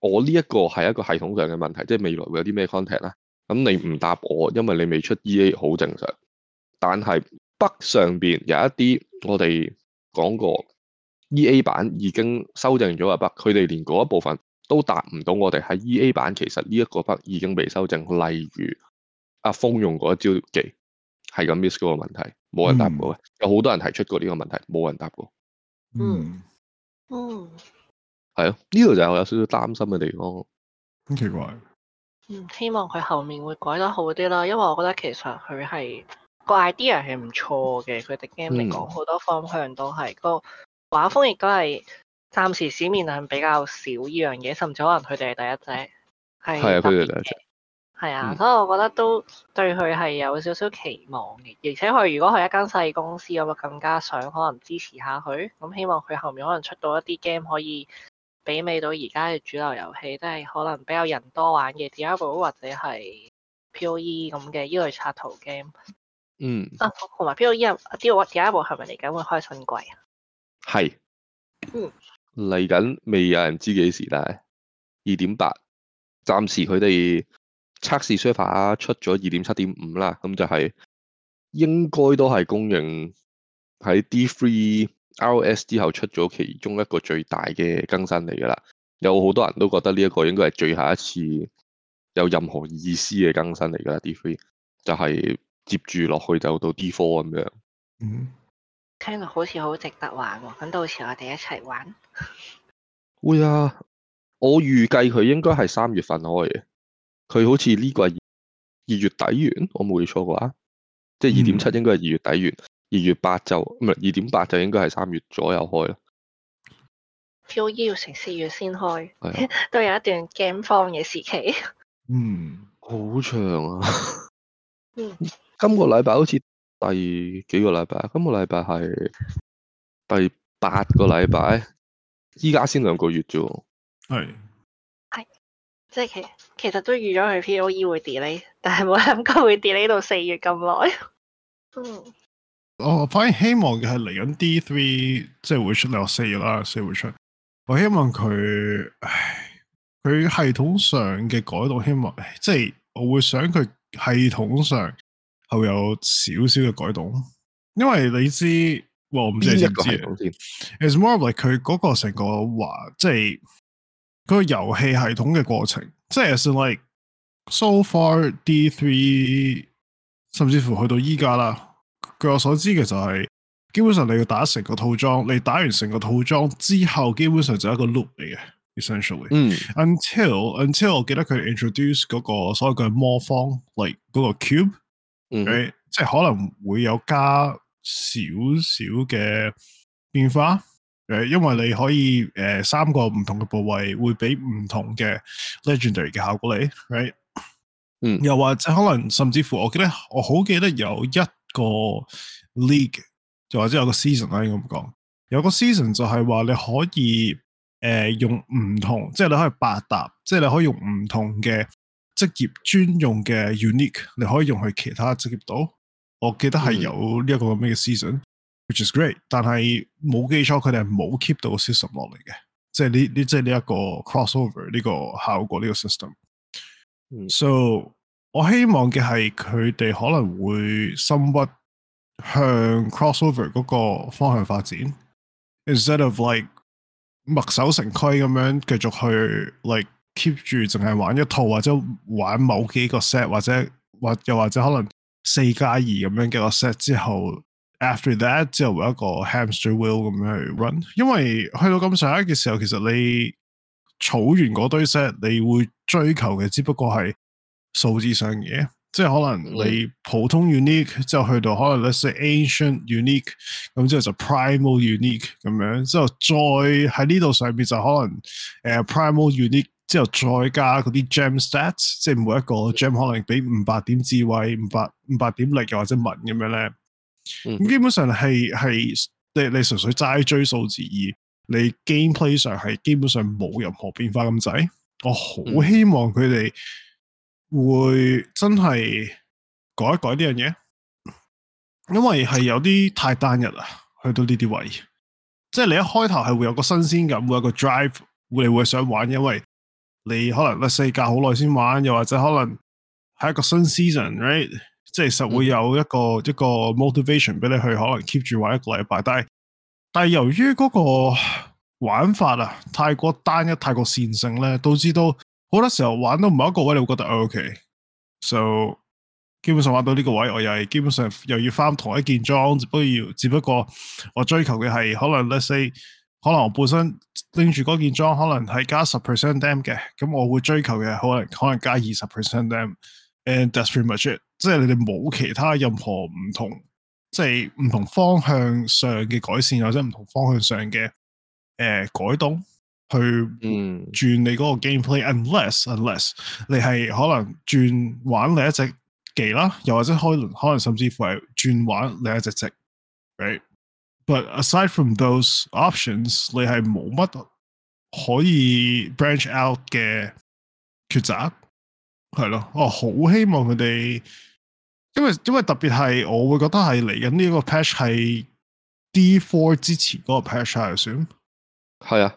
我呢一個係一個系統上嘅問題，即係未來會有啲咩 contact 啊？咁你唔答我，因為你未出 EA 好正常。但係 bug 上邊有一啲我哋講過 EA 版已經修正咗嘅 bug，佢哋連嗰一部分都答唔到我哋。喺 EA 版，其實呢一個 bug 已經未修正，例如阿峰用嗰一招技係咁 miss 嗰個問題，冇人、嗯、人、人答過。有好多人提出過呢個問題，冇人答過。嗯，嗯，係啊，呢度就係我有少少擔心嘅地方。好奇怪。嗯、希望佢後面會改得好啲啦，因為我覺得其實佢係個 idea 係唔錯嘅，佢哋 game 嚟講，好、嗯、多方向都係個畫風亦都係暫時市面係比較少呢樣嘢，甚至可能佢哋係第一隻，係啊，佢哋第一隻，係啊，嗯、所以我覺得都對佢係有少少期望嘅，而且佢如果係一間細公司，我更加想可能支持下佢，咁希望佢後面可能出到一啲 game 可以媲美到而家嘅主流遊戲，即係可能比較人多玩嘅《Diablo》或者係 PO、e《P.O.E.》咁嘅呢類刷圖 game。嗯。啊，同埋、e，《P.O.E.》啊，《D.》《Diablo》係咪嚟緊會開新季啊？係是。嗯。嚟緊未有人知幾時，但係二點八，暫時佢哋測試 server 出咗二點七點五啦，咁就係應該都係供應喺 D3。R.O.S. 之後出咗其中一個最大嘅更新嚟噶啦，有好多人都覺得呢一個應該係最後一次有任何意思嘅更新嚟噶啦。D three 就係、是、接住落去就到 D four 咁樣。嗯，聽落好似好值得玩喎、哦，咁到時我哋一齊玩。會 <laughs> 啊、哎，我預計佢應該係三月份開嘅，佢好似呢個係二月底完，我冇記錯嘅話，即係二點七應該係二月底完。二月八就唔係，二點八就應該係三月左右開啦。P.O.E 要成四月先開，哎、呦都有一段 game 荒嘅時期。嗯，好長啊。 <laughs> 嗯，今禮禮，今個禮拜好似第幾個禮拜？今個禮拜係第八個禮拜，依家先兩個月啫。係係是，即係其其實都預咗佢 P.O.E 會 delay，但係冇諗過會 delay 到四月咁耐。 <laughs> 嗯。我反而希望嘅係嚟緊 D3，即係會出，四月啦，四會出。我希望佢，唉，佢系統上嘅改動，希望即係、就是、我會想佢系統上會有少少嘅改動。因為你知、哦，我唔知你知唔知。邊一個系統先？It's more of like 佢嗰個成個話，即係佢遊戲系統嘅過程，即、就、係、是、like so far D3，甚至乎去到依家啦。嗯據我所知嘅就係、是，基本上你要打成個套裝，你打完成個套裝之後，基本上就係一個 loop 嚟嘅，essentially。嗯、mm。Hmm. Until until 我記得佢 introduce 嗰、那個所謂嘅魔方，like 嗰個 cube, right? 即係可能會有加少少嘅變化。誒、right? 因為你可以誒三、uh, 個唔同嘅部位會俾唔同嘅 legendary 嘅效果你 right? 嗯。Right? Mm hmm. 又或者可能甚至乎，我記得我好記得有一個 league 就或者有個 season 啦，應該咁講。有個 season 就係話你可以誒、呃、用唔同，即係你可以百搭，即係你可以用唔同嘅職業專用嘅 unique，你可以用去其他職業度。我記得係有呢一個咁嘅 season，which、嗯、is great 但。但係冇記錯，佢哋係冇 keep 到個 system 落嚟嘅，即係呢呢即係呢一個 crossover 呢個效果呢個、這個、system。嗯，所、so, 我希望嘅係佢哋可能會心屈向 crossover 嗰個方向發展，instead of like 墨守成規咁樣繼續去 like keep 住淨係玩一套或者玩某幾個 set 或者或又或者可能四加二咁樣嘅 set 之後，after that 之後有一個 hamstring will 咁樣去 run，因為去到咁上一嘅時候，其實你儲完嗰堆 set，你會追求嘅只不過係。數字上嘅嘢，即係可能你普通 unique 之、嗯、後去到可能 let's say ancient unique，咁之後就 primal unique 咁樣，之後再喺呢度上面就可能誒、uh, primal unique 之後再加嗰啲 gem stats，即係每一個 gem 可能俾五百點智慧、五百五百點力又或者文咁樣咧。咁、嗯、基本上係係你你純粹齋追數字而你 game play 上係基本上冇任何變化咁滯，我好希望佢哋、嗯。會真係改一改呢樣嘢，因為係有啲太單一啦，去到呢啲位，即係你一開頭係會有個新鮮感，會有個 drive，你會想玩，因為你可能你試教好耐先玩，又或者可能係一個新 season，right，即係實會有一個一個 motivation 俾你去可能 keep 住玩一個禮拜，但係但係由於嗰個玩法啊太過單一、太過線性咧，導致到。好多時候玩到唔係一個位，你會覺得 OK，就基本上玩到呢個位，我又係基本上又要翻同一件裝，只不過只不過我追求嘅係可能，let's say 可能我本身拎住嗰件裝，可能係加十 percent dam 嘅，咁我會追求嘅可能可能加二十 percent dam and that's pretty much it. 即係你哋冇其他任何唔同，即係唔同方向上嘅改善，或者唔同方向上嘅誒、呃、改動。去轉你嗰個 gameplay，unless unless 你係可能轉玩另一隻技啦，又或者開可能甚至乎係轉玩另一隻職，right？But aside from those options，你係冇乜可以 branch out 嘅抉擇，係咯？我好希望佢哋，因為因為特別係我會覺得係嚟緊呢一個 patch 係 D4 之前嗰個 patch 係算，係啊。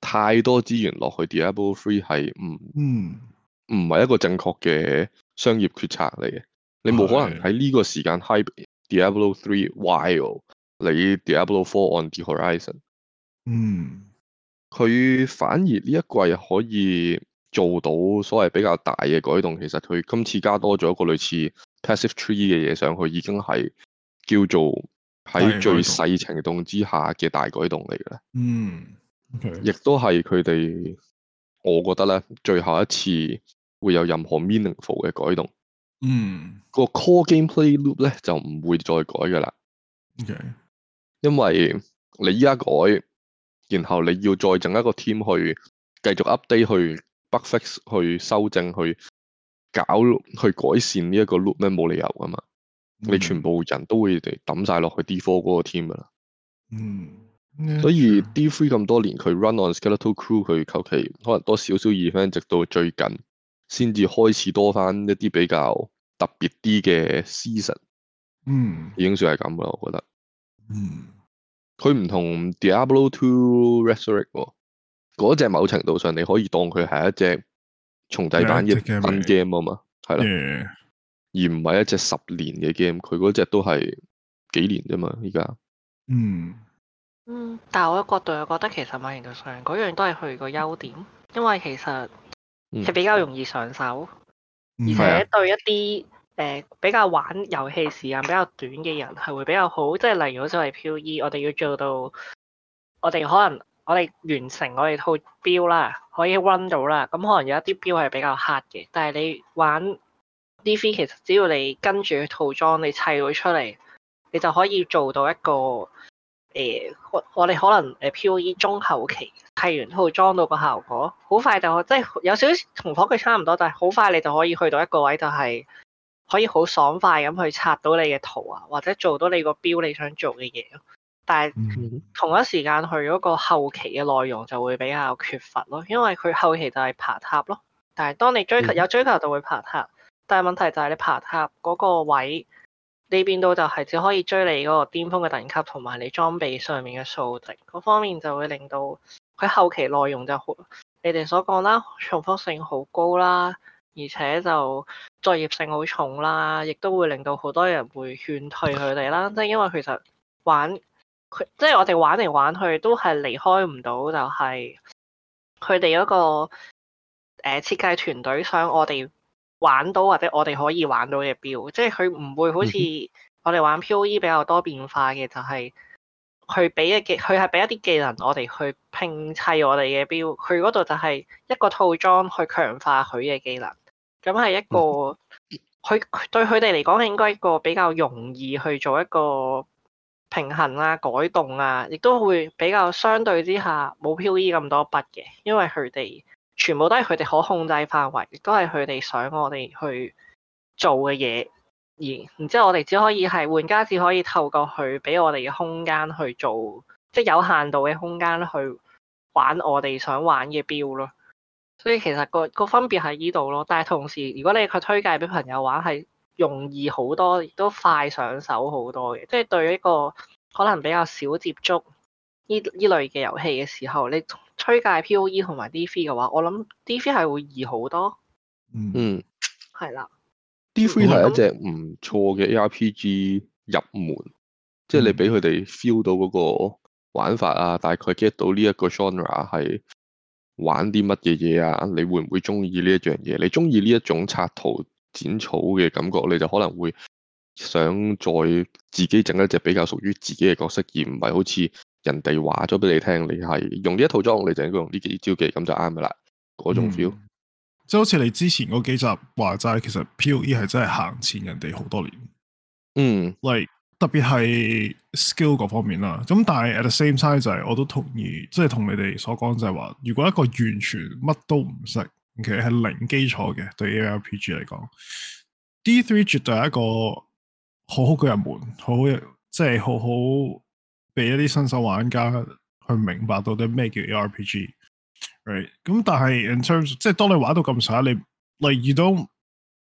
太多資源落去《Diablo Three》係唔唔唔係一個正確嘅商業決策嚟嘅。你冇可能喺呢個時間 hype《Diablo Three》，while 你《Diablo Four》on《Horizon》。嗯，佢反而呢一季可以做到所謂比較大嘅改動。其實佢今次加多咗一個類似 Passive Tree 嘅嘢上去，已經係叫做喺最細程度之下嘅大改動嚟嘅啦。嗯。亦 Okay. 都係佢哋，我覺得咧，最後一次會有任何 meaningful 嘅改動。嗯、mm.，個 core gameplay loop 咧就唔會再改噶啦。Okay. 因為你依家改，然後你要再整一個 team 去繼續 update 去 bug fix 去修正去搞去改善呢一個 loop 咩，冇理由噶嘛。Mm. 你全部人都會嚟抌晒落去 D4 嗰個 team 噶啦。嗯。Mm. Yeah. 所以 D3 咁多年，佢 run on skeletal crew，佢求其可能多少少 event，直到最近先至開始多翻一啲比較特別啲嘅 season。嗯，mm. 已經算係咁啦，我覺得。嗯、mm. 哦。佢唔同 Diablo II Resurrect 嗰隻，某程度上你可以當佢係一隻重製版嘅新 game 啊嘛，係啦 Yeah.，而唔係一隻十年嘅 game。佢嗰隻都係幾年啫嘛，而家。嗯。Mm. 嗯，但係我嘅角度，又覺得其實某程度上嗰樣都係佢個優點，因為其實係比較容易上手，嗯、而且對一啲誒、呃、比較玩遊戲時間比較短嘅人係會比較好。即係例如我作為 PoE，我哋要做到，我哋可能我哋完成我哋套 build 啦，可以 run 到啦。咁可能有一啲 build 係比較 hard 嘅，但係你玩 D.V. 其實只要你跟住佢套裝，你砌到出嚟，你就可以做到一個。誒、欸，我哋可能誒 POE 中後期替完套裝到個效果，好快就即係有少少同火佢差唔多，但係好快你就可以去到一個位，就係可以好爽快咁去刷到你嘅圖啊，或者做到你個標你想做嘅嘢咯。但係同一時間去嗰個後期嘅內容就會比較缺乏咯，因為佢後期就係爬塔咯。但係當你追求、嗯、有追求就會爬塔，但係問題就係你爬塔嗰個位。呢邊度就係只可以追你嗰個巔峰嘅等級，同埋你裝備上面嘅數值嗰方面，就會令到佢後期內容就好，你哋所講啦，重複性好高啦，而且就作業性好重啦，亦都會令到好多人會勸退佢哋啦。即係因為其實玩，即係我哋玩嚟玩去都係離開唔到，就係佢哋嗰個誒設計團隊想我哋。玩到或者我哋可以玩到嘅標，即係佢唔會好似我哋玩 POE 比較多變化嘅，就係佢俾一技，佢係俾一啲技能我哋去拼砌我哋嘅標，佢嗰度就係一個套裝去強化佢嘅技能，咁係一個佢對佢哋嚟講應該一個比較容易去做一個平衡啊改動啊，亦都會比較相對之下冇 POE 咁多筆嘅，因為佢哋。全部都係佢哋可控制範圍，亦都係佢哋想我哋去做嘅嘢，而然之後我哋只可以係玩家只可以透過佢俾我哋嘅空間去做，即係有限度嘅空間去玩我哋想玩嘅標咯。所以其實個個分別喺呢度咯。但係同時，如果你去推介俾朋友玩，係容易好多，亦都快上手好多嘅，即係對一個可能比較少接觸。呢依類嘅遊戲嘅時候，你推介 P.O.E 同埋 D3 嘅話，我諗 D3 係會易好多。嗯，係啦的。D3 係一隻唔錯嘅 A.R.P.G 入門，即係、嗯、你俾佢哋 feel 到嗰個玩法啊，嗯、大概 get 到呢一個 genre 係玩啲乜嘢嘢啊，你會唔會中意呢一樣嘢？你中意呢一種刷圖剪草嘅感覺，你就可能會想再自己整一隻比較屬於自己嘅角色，而唔係好似～人哋話咗俾你聽，你係用呢一套裝，你就應該用呢幾招技，咁就啱噶啦。嗰種 feel，即係好似你之前嗰幾集話齋，其實 POE 係真係行前人哋好多年。嗯 l、like, i 特別係 skill 嗰方面啦。咁但係 at the same time 就係、是、我都同意，即、就、係、是、同你哋所講就係話，如果一個完全乜都唔識，其實係零基礎嘅，對 ARPG 嚟講，D3 絕對係一個好好嘅入門，好好即係好好。就是很很俾一啲新手玩家去明白到底咩叫 ARPG，咁但係 in terms of，即係當你玩到咁熟，你例如都，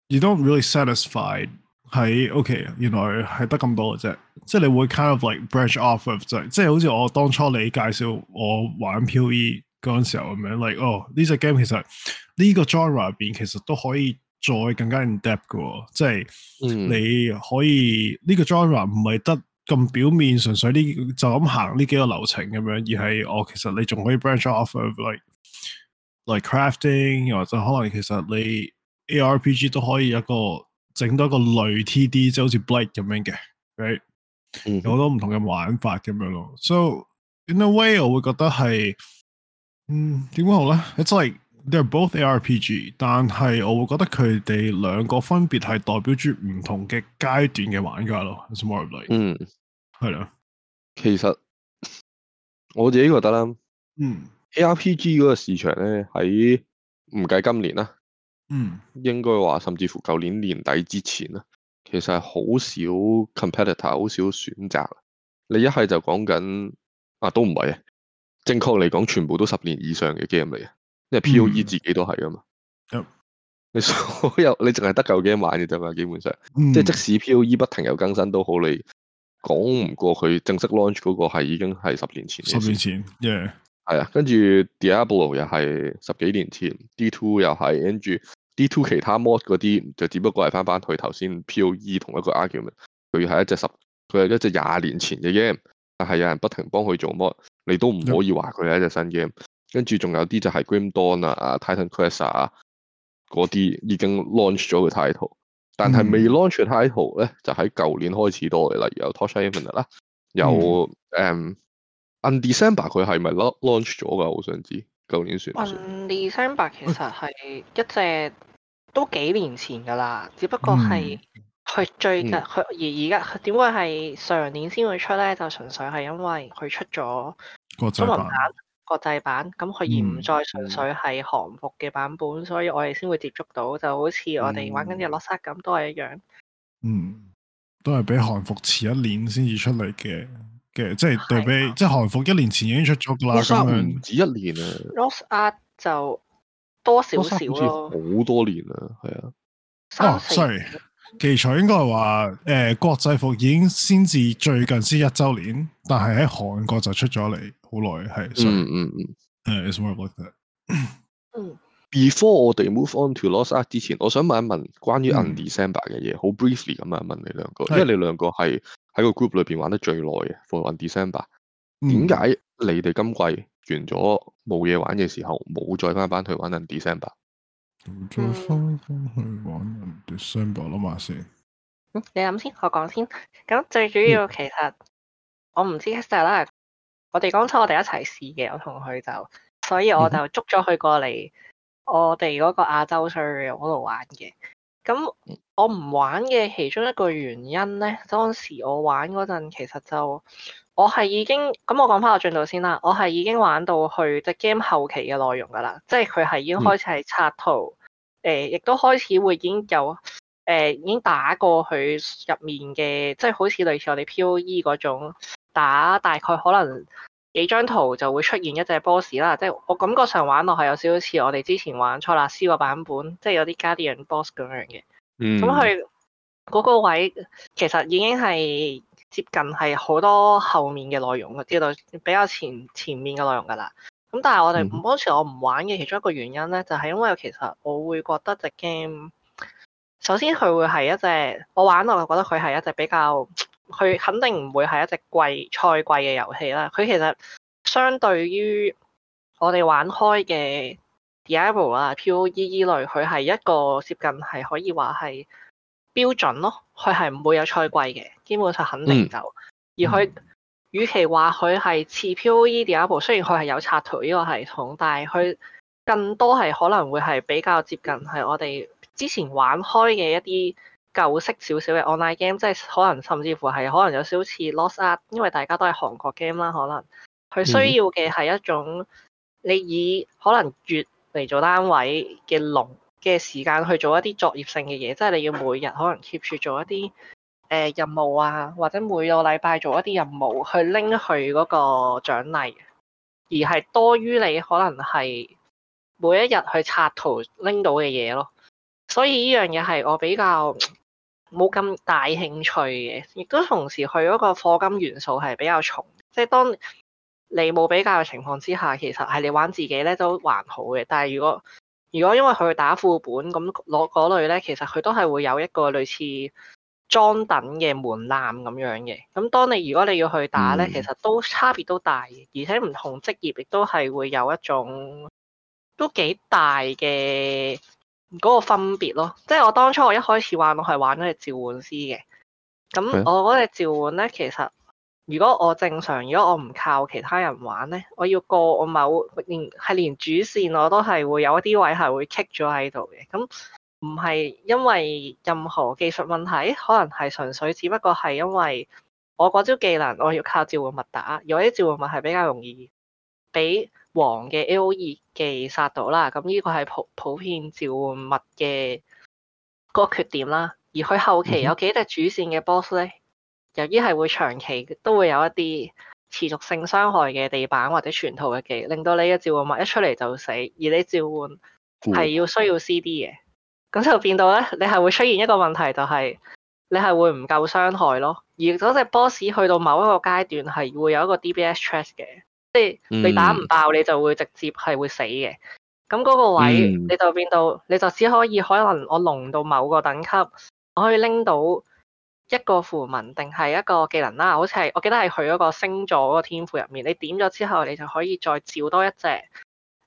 你、like，都唔 really satisfied 喺 OK，原來係得咁多嘅啫。即係你會 kind of like branch off of 就係即係好似我當初你介紹我玩 PoE 嗰陣時候咁樣，like 哦呢隻 game 其實呢、這個 genre 入邊其實都可以再更加 in depth 嘅、哦，即係你可以呢、嗯、個 genre 唔係得。咁表面純粹呢就咁行呢幾個流程咁樣，而係我其實你仲可以 branch off of like like crafting，又或者可能其實你 ARPG 都可以一個整多一個類 TD，即係好似 Blade 咁樣嘅，right？Mm-hmm. 有好多唔同嘅玩法咁樣咯。So in a way，我會覺得係嗯點講好咧？It's like They're both A R P G，但係我會覺得佢哋兩個分別係代表住唔同嘅階段嘅玩家咯。More of like 嗯係咯，的其實我自己覺得啦，嗯 A R P G 嗰個市場咧，喺唔計今年啦、啊，嗯應該話甚至乎舊年年底之前啦、啊，其實係好少 competitor，好少選擇。你一係就講緊啊，都唔係啊，正確嚟講，全部都十年以上嘅 game 嚟嘅。即係 P.O.E 自己都係啊嘛、嗯，嗯、 <laughs> 你所有你淨係得夠 game 玩嘅啫嘛，基本上，嗯、即係即使 P.O.E 不停又更新都好，你講唔過佢正式 launch 嗰個係已經係十,十年前。十年前係啊，跟住 Diablo 又係十幾年前，D2 又係，跟住 D2 其他 mod 嗰啲就只不過係翻翻佢頭先 P.O.E 同一個 argument，佢係一隻十，佢係一隻廿年前嘅 game，但係有人不停幫佢做 mod，el, 你都唔可以話佢係一隻新 game、嗯。嗯跟住仲有啲就係 Grim Dawn 啊、Titan Quest 啊嗰啲已經 launch 咗嘅 title，但係未 launch 嘅 title 咧就喺舊年開始多嘅啦、啊，有 Torchlight Infinite 啦，有誒、嗯、Undecember、um, 佢係咪 launch 咗㗎？我想知。舊年算，算。Undecember 其實係一隻都幾年前㗎啦，只不過係佢最近佢而而家點解係上年先會出咧？就純粹係因為佢出咗中國際版咁佢而唔再純粹係韓服嘅版本，嗯、所以我哋先會接觸到，就好似我哋玩緊日落沙咁，都係一樣。一樣嗯，都係比韓服遲一年先至出嚟嘅，嘅即係對比，的即係韓服一年前已經出咗噶啦。三唔、嗯、樣止一年啊。Lost Ark 就多，多少少咯。好多年啦，係啊。三四。哦 sorry 題材應該係話，誒，國際服已經先至最近先一周年，但係喺韓國就出咗嚟好耐，係。嗯嗯嗯，Before 我哋 move on to Lost Ark 之前，我想問一問關於 Undecember 嘅嘢，好 briefly 咁啊問你兩個，因為你兩個係喺個 group 裏邊玩得最耐嘅，for Undecember。點解你哋今季完咗冇嘢玩嘅時候，冇再翻翻去玩 Undecember？再翻翻去玩人哋雙胞碌嘛先。嗯，嗯，你諗先，我講先。咁最主要其實、嗯、我唔知 test 啦。我哋當初我哋一齊試嘅，我同佢就，所以我就捉咗佢過嚟我哋嗰個亞洲水域嗰度玩嘅。咁我唔玩嘅其中一個原因咧，當時我玩嗰陣其實就。我係已經咁，我講翻我進度先啦。我係已經玩到去即 game 後期嘅內容㗎啦，即係佢係已經開始係刷圖，誒、呃，亦都開始會已經有誒、呃、已經打過去入面嘅，即係好似類似我哋 P.O.E 嗰種打大概可能幾張圖就會出現一隻 boss 啦。即係我感覺上玩落係有少少似我哋之前玩錯《賽納斯》個版本，即係有啲 Guardian boss 咁樣嘅。嗯。咁佢嗰個位其實已經係。接近係好多後面嘅內容嘅，之類比較前前面嘅內容㗎啦。咁但係我哋唔，嗰時、mm hmm. 我唔玩嘅其中一個原因咧，就係、是、因為其實我會覺得隻 game 首先佢會係一隻我玩我覺得佢係一隻比較佢肯定唔會係一隻季賽季嘅遊戲啦。佢其實相對於我哋玩開嘅 Diablo 啊、Poe 呢類，佢係一個接近係可以話係。標準咯，佢係唔會有賽季嘅，基本上肯定就、嗯、而佢，與其話佢係似 POE Diablo，雖然佢係有拆圖呢個系統，但係佢更多係可能會係比較接近係我哋之前玩開嘅一啲舊式少少嘅 online game，即係可能甚至乎係可能有少少似 Lost Ark，因為大家都係韓國 game 啦，可能佢需要嘅係一種你以可能月嚟做單位嘅龍嘅時間去做一啲作業性嘅嘢，即係你要每日可能 keep 住做一啲誒、呃、任務啊，或者每個禮拜做一啲任務去拎去嗰個獎勵，而係多於你可能係每一日去刷圖拎到嘅嘢咯。所以呢樣嘢係我比較冇咁大興趣嘅，亦都同時佢嗰個課金元素係比較重，即係當你冇比較嘅情況之下，其實係你玩自己咧都還好嘅，但係如果如果因為佢打副本，咁攞嗰類咧，其實佢都係會有一個類似裝等嘅門檻咁樣嘅。咁當你如果你要去打咧，其實都差別都大，而且唔同職業亦都係會有一種都幾大嘅嗰個分別咯。即係我當初我一開始玩我係玩嗰隻召喚師嘅，咁我嗰隻召喚咧其實。如果我正常，如果我唔靠其他人玩咧，我要過我某連系連主線，我都係會有一啲位係會棘咗喺度嘅。咁唔係因為任何技術問題，可能係純粹只不過係因為我嗰招技能，我要靠召喚物打。有啲召喚物係比較容易俾王嘅 AOE 嘅殺到啦。咁呢個係普普遍召喚物嘅個缺點啦。而佢後期有幾隻主線嘅 boss 咧。由於係會長期都會有一啲持續性傷害嘅地板或者全套嘅技，令到你嘅召喚物一出嚟就死，而你召喚係要需要 C.D 嘅，咁就變到咧，你係會出現一個問題，就係，就係你係會唔夠傷害咯。而嗰隻 boss 去到某一個階段係會有一個 D.B.S. trap 嘅，即係你打唔爆你就會直接係會死嘅。咁嗰個位你就變到你就只可以可能我龍到某個等級，我可以拎到。一個符文定係一個技能啦，好似係我記得係去嗰個星座嗰個天賦入面，你點咗之後，你就可以再召多一隻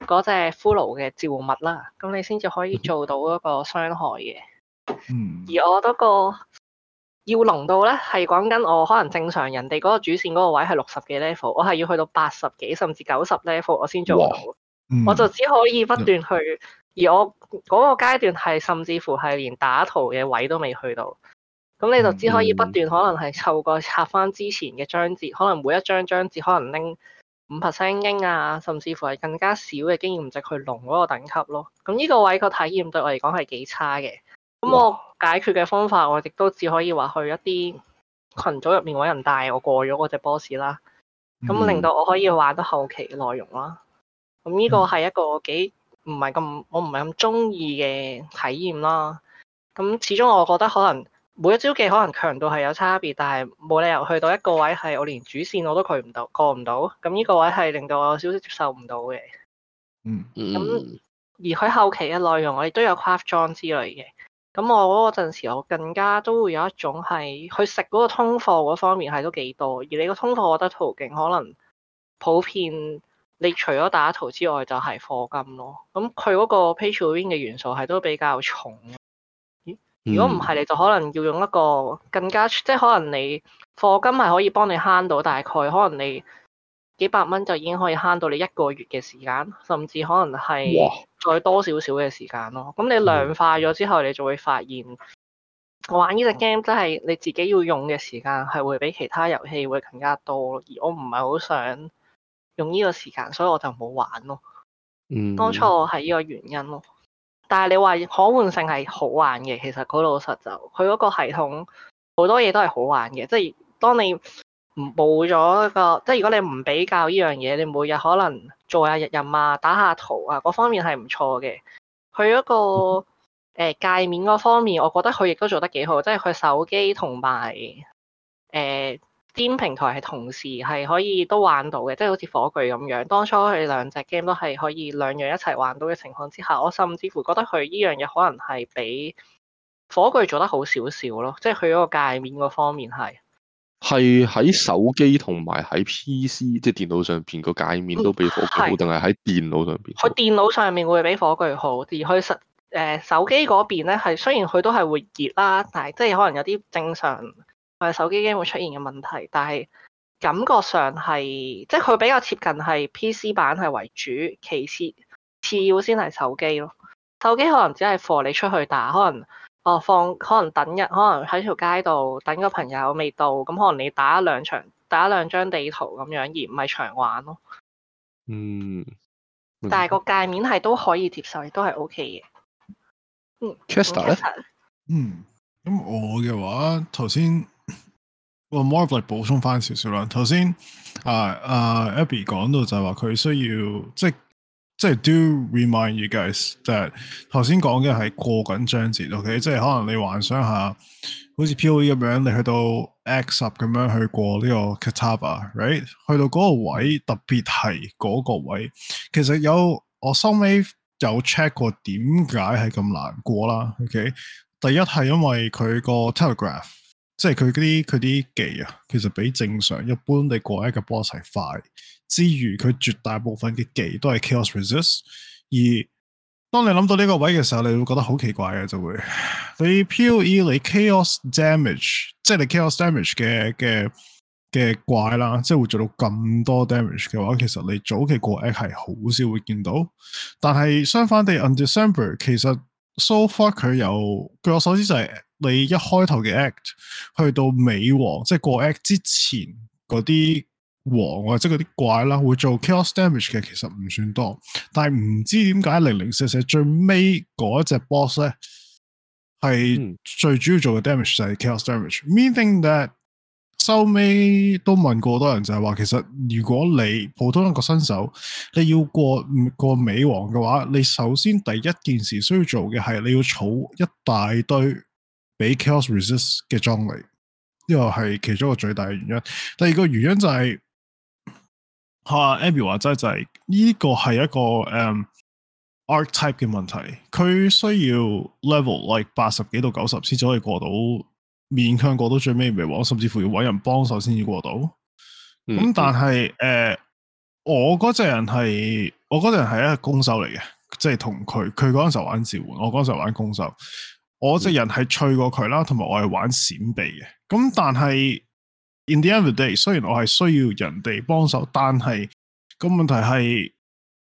嗰隻骷髏嘅召物啦。咁你先至可以做到一個傷害嘅。而我嗰個要濃度呢，係講緊我可能正常人哋嗰個主線嗰個位係六十幾 level，我係要去到八十幾甚至九十 level，我先做到。嗯、我就只可以不斷去，而我嗰個階段係甚至乎係連打圖嘅位都未去到。咁你就只可以不斷可能係透過拆翻之前嘅章節，可能每一章章節可能拎五 percent 經啊，甚至乎係更加少嘅經驗值去濃嗰個等級咯。咁呢個位個體驗對我嚟講係幾差嘅。咁我解決嘅方法，我亦都只可以話去一啲群組入面揾人帶我過咗嗰隻 boss 啦。咁令到我可以玩得後期嘅內容啦。咁呢個係一個幾唔係咁，我唔係咁中意嘅體驗啦。咁始終我覺得可能。每一招技可能強度係有差別，但係冇理由去到一個位係我連主線我都佢唔到過唔到，咁呢個位係令到我有少少接受唔到嘅。嗯。咁、嗯嗯、而佢後期嘅內容，我亦都有 craft 裝之類嘅。咁我嗰個陣時，我更加都會有一種係去食嗰個通貨嗰方面係都幾多。而你個通貨，我覺得途徑可能普遍，你除咗打圖之外，就係課金咯。咁佢嗰個 pay to win 嘅元素係都比較重。如果唔係，你就可能要用一個更加，即係可能你課金係可以幫你慳到大概，可能你幾百蚊就已經可以慳到你一個月嘅時間，甚至可能係再多少少嘅時間咯。咁哇你量化咗之後，你就會發現，嗯、我玩呢隻 game 即係你自己要用嘅時間係會比其他遊戲會更加多，而我唔係好想用呢個時間，所以我就冇玩咯。嗯，當初我係呢個原因咯。但係你話可玩性係好玩嘅，其實好老實就佢嗰個系統好多嘢都係好玩嘅，即係當你唔冇咗個，即係如果你唔比較呢樣嘢，你每日可能做下日任啊，打下圖啊，嗰方面係唔錯嘅。佢嗰、嗰個誒、呃、界面嗰方面，我覺得佢亦都做得幾好，即係佢手機同埋誒。呃兼平台係同時係可以都玩到嘅，即係好似火炬咁樣。當初佢兩隻 game 都係可以兩樣一齊玩到嘅情況之下，我甚至乎覺得佢依樣嘢可能係比火炬做得好少少咯，即係佢嗰個界面嗰方面係係喺手機同埋喺 PC 即係電腦上邊個界面都比火炬好，定係喺電腦上邊？佢電腦上面會比火炬好，而佢實誒手機嗰邊咧係雖然佢都係會熱啦，但係即係可能有啲正常。我手機會出現嘅問題，但係感覺上係即係佢比較貼近係 PC 版係為主，其次次要先係手機咯。手機可能只係 follow 你出去打，可能我、哦、放可能等日，可能喺條街度等個朋友未到，咁可能你打兩場、打兩張地圖咁樣，而唔係長玩咯。嗯。嗯，但係個界面係都可以接受，亦都係 OK 嘅。嗯。Chester 咧實？嗯，咁我嘅話頭先。我、well, more of like, 補充翻少少啦。頭先啊啊 Abby 講到就係話佢需要即即 do remind you guys，就係頭先講嘅係過緊章節。OK，即係可能你幻想下，好似 P O E 咁樣，你去到 X 十咁樣去過呢個 Kitava right，去到嗰個位，特別係嗰個位。其實有我收尾有 check 過點解係咁難過啦。OK，第一係因為佢個 telegraph。即係佢啲佢啲技啊，其實比正常一般你過 A 嘅 boss 係快，之餘佢絕大部分嘅技都係 chaos resist。而當你諗到呢個位嘅時候，你會覺得好奇怪嘅，啊，就會你 purely 你 chaos damage，即係你 chaos damage 嘅嘅嘅怪啦，即係會做到咁多 damage 嘅話，其實你早期過 act 係好少會見到。但係相反地，Undecember 其實 so far 佢有據我所知就係，是。你一開頭嘅 act 去到尾王，即係過 act 之前嗰啲王或者嗰啲怪啦，會做 chaos damage 嘅，其實唔算多。但係唔知點解零零舍舍最尾嗰一隻 boss 咧，係最主要做嘅 dam damage 就係 chaos damage。Meaning that 收尾都問過多人就係話，其實如果你普通一個新手，你要過過尾王嘅話，你首先第一件事需要做嘅係你要儲一大堆。俾 Chaos resist 嘅裝備，呢個係其中一個最大嘅原因。第二個原因就係，阿 Abby 話齋，呢個係一個誒、um, archetype 嘅問題。佢需要 level like 八十幾到九十先至可以過到，勉強過到最尾未。我甚至乎要揾人幫手先至過到。咁、嗯嗯嗯、但係誒、uh，我嗰隻人係、就是，我嗰隻人係一個攻手嚟嘅，即係同佢，佢嗰陣時候玩召喚，我嗰陣時玩攻手。我隻人係脆過佢啦，同埋我係玩閃避嘅。咁但係 in the end of the day，雖然我係需要人哋幫手，但係個問題係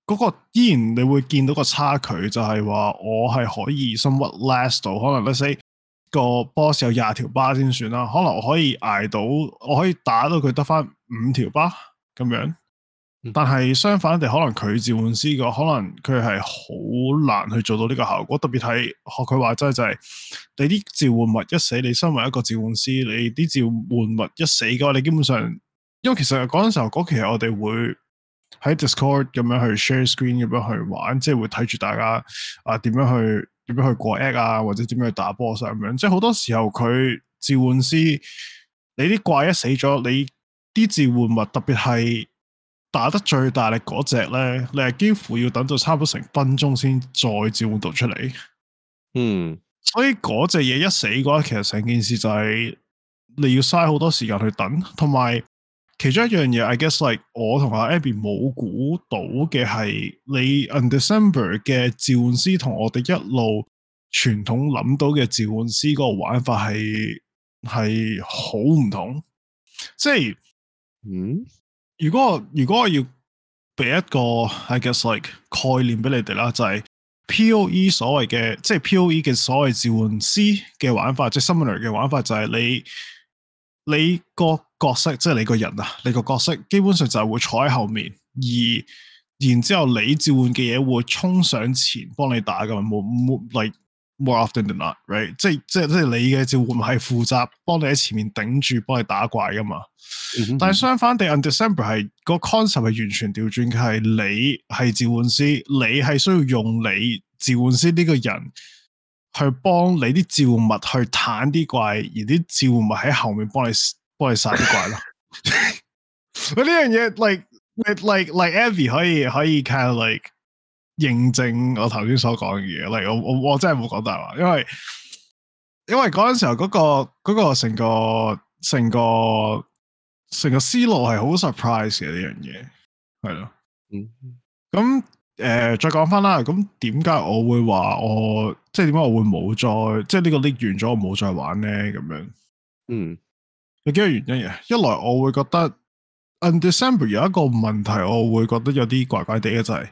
嗰、那個依然你會見到個差距就，就係話我係可以 somewhat last 到，可能 let’s say 個 boss 有廿條巴先算啦。可能我可以捱到，我可以打到佢得返五條巴咁樣。但係相反地，哋可能佢召喚師個可能佢係好難去做到呢個效果。特別係學佢話齋，就係、是、你啲召喚物一死，你身為一個召喚師，你啲召喚物一死嘅話，你基本上，因為其實嗰陣時候嗰期我哋會喺 Discord 咁樣去 share screen 咁樣去玩，即係會睇住大家啊點樣去點樣去過 app 啊，或者點樣去打波曬咁樣。即係好多時候佢召喚師，你啲怪一死咗，你啲召喚物特別係。打得最大力嗰隻咧，你係幾乎要等到差唔多成分鐘先再召喚到出嚟。嗯，所以嗰隻嘢一死嘅話，其實成件事就係你要嘥好多時間去等，同埋其中一樣嘢，I guess like 我同阿 Abby 冇估到嘅係你 Undecember 嘅召喚師同我哋一路傳統諗到嘅召喚師個玩法係係好唔同，即係嗯。如果我如果我要俾一個 I guess like 概念俾你哋啦，就係 P O E 所謂嘅即係 P O E 嘅所謂召喚師嘅玩法，即係 similar 嘅玩法就係你你個角色即係你個人啊，你個角色基本上就係會坐喺後面，而然之後你召喚嘅嘢會衝上前幫你打噶，冇冇嚟。more often than not，right？即係即係即係你嘅召喚物係負責幫你喺前面頂住，幫你打怪噶嘛。Mm hmm. 但係相反地，Undecember 係、那個 concept 係完全調轉，係你係召喚師，你係需要用你召喚師呢個人去幫你啲召喚物去彈啲怪，而啲召喚物喺後面幫你幫你殺啲怪咯。咁呢樣嘢，like like like e v y 可以可以睇 like 認證我頭先所講嘅嘢，例如我我我真係冇講大話，因為因為嗰陣時候嗰個嗰個成個成個成個思路係好 surprise 嘅呢樣嘢，係咯，嗯，咁誒、呃，再講翻啦，咁點解我會話我即係點解我會冇再即係呢個 lift 完咗我冇再玩咧咁樣，嗯，有幾個原因嘅，一來我會覺得，Undecember 有一個問題，我會覺得有啲怪怪地嘅就係、是。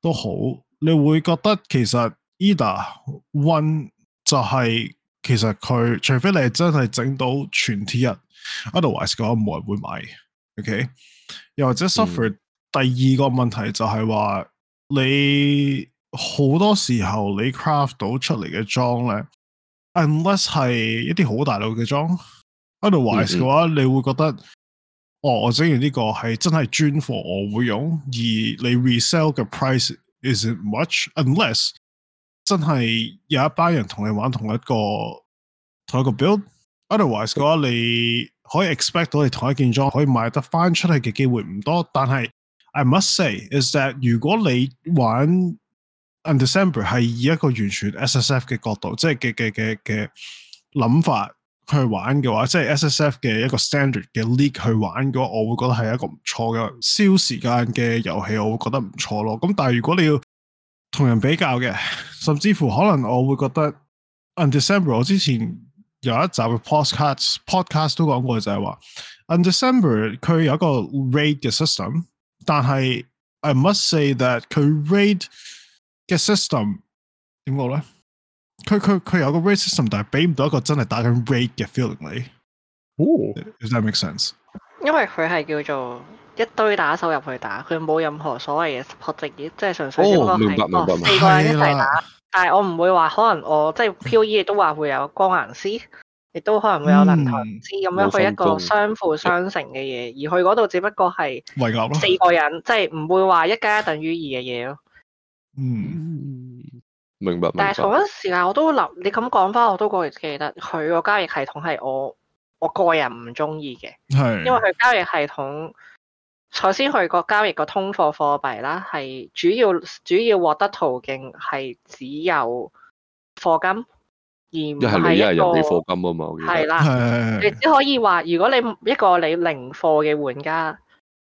都好，你會覺得其實 Either One 就係其實佢，除非你係真係整到全 T1，otherwise 嘅話冇人會買。OK，又或者 Superfuse 第二個問題就係話、嗯、你好多時候你 craft 到出嚟嘅裝咧，unless 係一啲好大路嘅裝，otherwise 嘅話你會覺得。我我整完呢個係真係專貨，我會用。而你 resell 嘅 price isn't much，unless 真係有一班人同你玩同一個同一個 build。Otherwise 嘅話，你可以 expect 到你同一件裝可以賣得翻出嚟嘅機會唔多。但係 I must say is that 如果你玩 Undecember 係以一個完全 SSF 嘅角度，即係嘅嘅嘅嘅諗法。去玩嘅話，即係 SSF 嘅一個 standard 嘅 league 去玩嘅話，我會覺得係一個唔錯嘅消時間嘅遊戲，我會覺得唔錯咯。咁但係如果你要同人比較嘅，甚至乎可能我會覺得。Undecember 我之前有一集嘅 podcast podcast 都講過就係話，Undecember 佢有一個 rate 嘅 system，但係 I must say that 佢 rate 嘅 system 點講咧？佢佢佢有個 raid system，但係俾唔到一個真係打緊 raid 嘅 feeling 你。哦、oh.，is that make sense？因為佢係叫做一堆打手入去打，佢冇任何所謂嘅 project 嘅即係純粹只不過係哦四個人一齊打啦但係我唔會話可能我即係 POE，亦都話會有光岩師，亦都可能會有能台師咁樣去一個相輔相成嘅嘢，而佢嗰度只不過係圍四個人，即係唔會話一加一等於二嘅嘢咯。嗯。嗯明白，明白但係同一時間我都諗，你咁講翻，我都過記得佢個交易系統係我我個人唔中意嘅，係是因為佢交易系統，首先佢個交易個通貨貨幣啦，係主要主要獲得途徑係只有課金，而係一個課金啊嘛，係啦的，的你只可以話如果你一個你零課嘅玩家，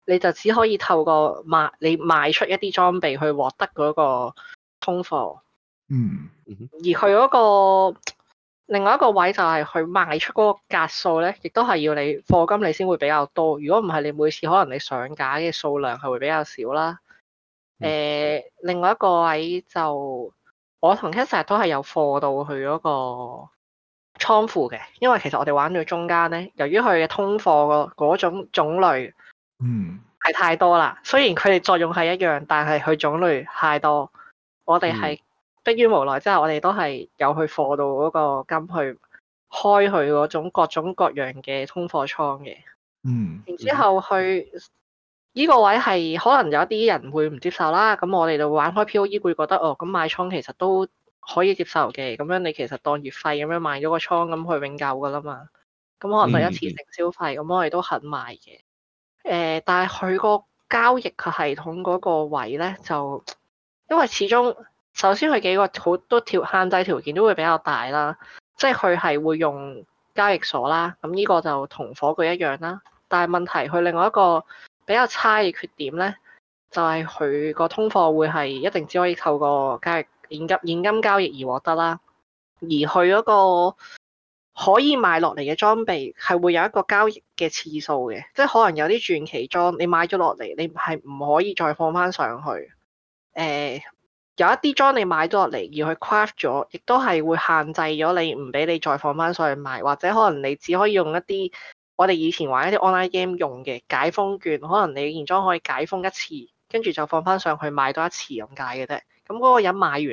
你就只可以透過賣你賣出一啲裝備去獲得嗰個通貨。嗯，嗯，而佢嗰個另外一個位就係佢賣出嗰個格數咧亦都係要你課金你先會比較多。如果唔係，你每次可能你上架嘅數量係會比較少啦。誒、呃，另外一個位就我同 Kash 都係有課到去嗰個倉庫嘅，因為其實我哋玩咗中間咧由於佢嘅通貨嗰種種類，嗯，係太多啦。雖然佢哋作用係一樣，但係佢種類太多，我哋係、嗯。迫於無奈之下，我哋都係有去貨到嗰個金去開佢嗰種各種各樣嘅通貨倉嘅。嗯。然之後去依、這個位係可能有一啲人會唔接受啦。咁我哋就玩開 POE 會覺得哦，咁買倉其實都可以接受嘅。咁樣你其實當月費咁樣買咗個倉咁去永久噶啦嘛。咁可能係一次性消費，咁我哋都肯買嘅。誒、呃，但係佢個交易系統嗰個位咧，就因為始終。首先佢幾個好多條限制條件都會比較大啦，即係佢係會用交易所啦，咁呢個就同火炬一樣啦。但係問題佢另外一個比較差嘅缺點咧，就係佢個通貨會係一定只可以透過交易現金現金交易而獲得啦，而佢嗰個可以買落嚟嘅裝備係會有一個交易嘅次數嘅，即係可能有啲傳奇裝你買咗落嚟，你係唔可以再放翻上去，誒、欸。有一啲裝你買咗落嚟，而去 craft 咗，亦都係會限制咗你，唔俾你再放翻上去賣，或者可能你只可以用一啲我哋以前玩一啲 online game 用嘅解封券，可能你件裝可以解封一次，跟住就放翻上去賣多一次咁解嘅啫。咁、那、嗰個人買完，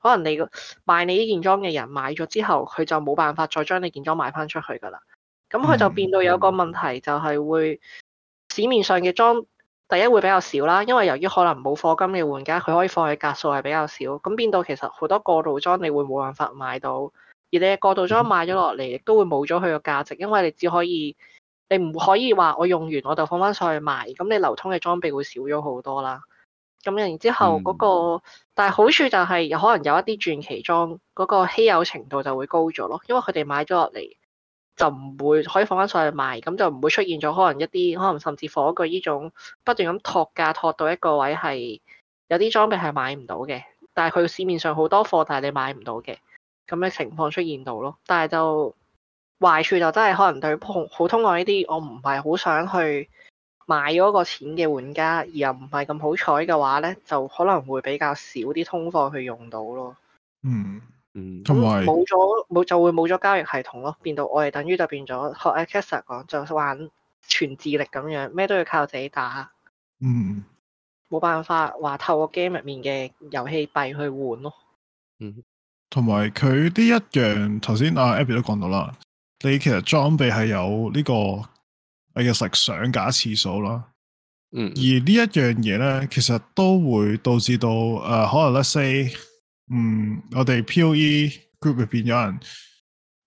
可能你個賣你依件裝嘅人買咗之後，佢就冇辦法再將你件裝賣翻出去㗎啦。咁佢就變到有個問題，mm hmm，就係會市面上嘅裝。第一會比較少啦，因為由於可能冇課金嘅玩家，佢可以放嘅格數係比較少，咁變到其實好多過渡裝你會冇辦法買到，而你過渡裝買咗落嚟，亦都會冇咗佢個價值，因為你只可以，你唔可以話我用完我就放翻上去賣，咁你流通嘅裝備會少咗好多啦。咁然之後嗰、那個，嗯、但係好處就係、是、有可能有一啲傳奇裝嗰、那個稀有程度就會高咗咯，因為佢哋買咗落嚟。就唔會可以放翻上去賣，咁就唔會出現咗可能一啲，可能甚至火炬呢種不斷咁托價托到一個位係有啲裝備係買唔到嘅，但係佢市面上好多貨，但係你買唔到嘅咁嘅情況出現到咯。但係就壞處就真係可能對普通普呢啲，我唔係好想去買嗰個錢嘅玩家，而又唔係咁好彩嘅話呢就可能會比較少啲通貨去用到咯。嗯。嗯，咁冇咗冇就會冇咗交易系統咯，變到我哋等於就變咗學 Alexa 講，就玩全智力咁樣，咩都要靠自己打。嗯，冇辦法話透過 game 入面嘅遊戲幣去換咯。嗯，同埋佢呢一樣，頭先阿 Abby 都講到啦，你其實裝備係有呢個 Alexa 上架次數啦。嗯，而呢一樣嘢咧，其實都會導致到誒、呃，可能 Let’s say。嗯，我哋 POE group 入邊有人，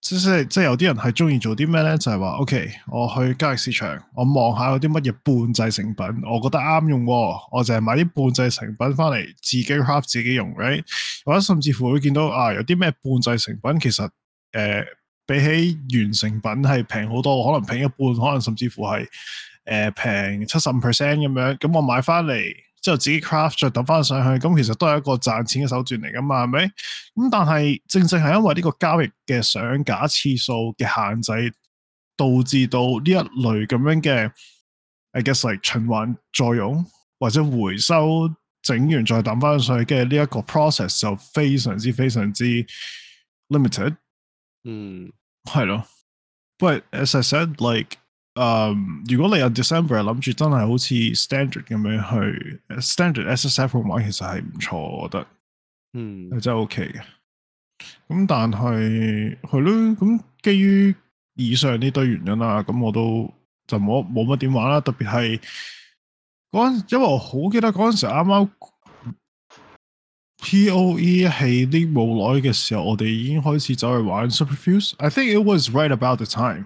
即係即係有啲人係中意做啲咩咧？就係、是、話，OK，我去交易市場，我望下有啲乜嘢半製成品，我覺得啱用，哦，我就係買啲半製成品翻嚟自己 craft 自己用 r i g 或者甚至乎會見到啊，有啲咩半製成品，其實誒、呃、比起原成品係平好多，可能平一半，可能甚至乎係誒平七十五 percent 咁樣，咁我買翻嚟。就自己 craft 再抌翻上去，咁其實都係一個賺錢嘅手段嚟㗎嘛，係咪？咁但係正正係因為呢個交易嘅上架次數嘅限制，導致到呢一類咁樣嘅，I guess like, 循環作用或者回收整完再抌翻上去嘅呢一個 process 就非常之非常之 limited。嗯，係咯，不過 as I said like 嗯，um, 如果你有 December 諗住真係好似 standard 咁樣去 standard SSF 玩，其實係唔錯，我覺得，嗯，真係 OK 嘅。咁但係係咯，咁基於以上呢堆原因啦、啊，咁我都就冇冇乜點玩啦、啊。特別係嗰陣，因為我好記得嗰陣時啱啱 POE 係啲冇耐嘅時候，我哋已經開始走去玩 Superfuse。I think it was right about the time.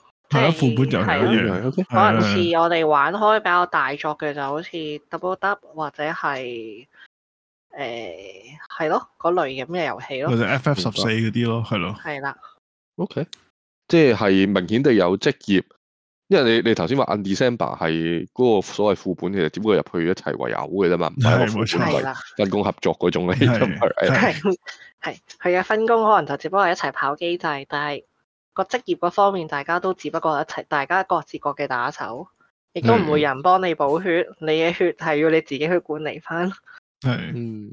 啊，副本就係的 Okay. 可能似我哋玩開比較大作嘅。的就好似 Double d W W 或者係誒係咯嗰類咁嘅遊戲咯，或者 F F 十四嗰啲咯，係咯，係啦。O K，即係明顯地有職業，因為你你頭先話 Undecember 係嗰個所謂副本其實只不過入去一齊圍毆嘅啫嘛，唔係攞副出分工合作嗰種咧，因為係係佢嘅分工可能就只不過係一齊跑機制，但係。個職業個方面，大家都只不過一齊，大家各自各嘅打手，亦都唔會人幫你補血，嗯、你嘅血係要你自己去管理翻。係是，嗯，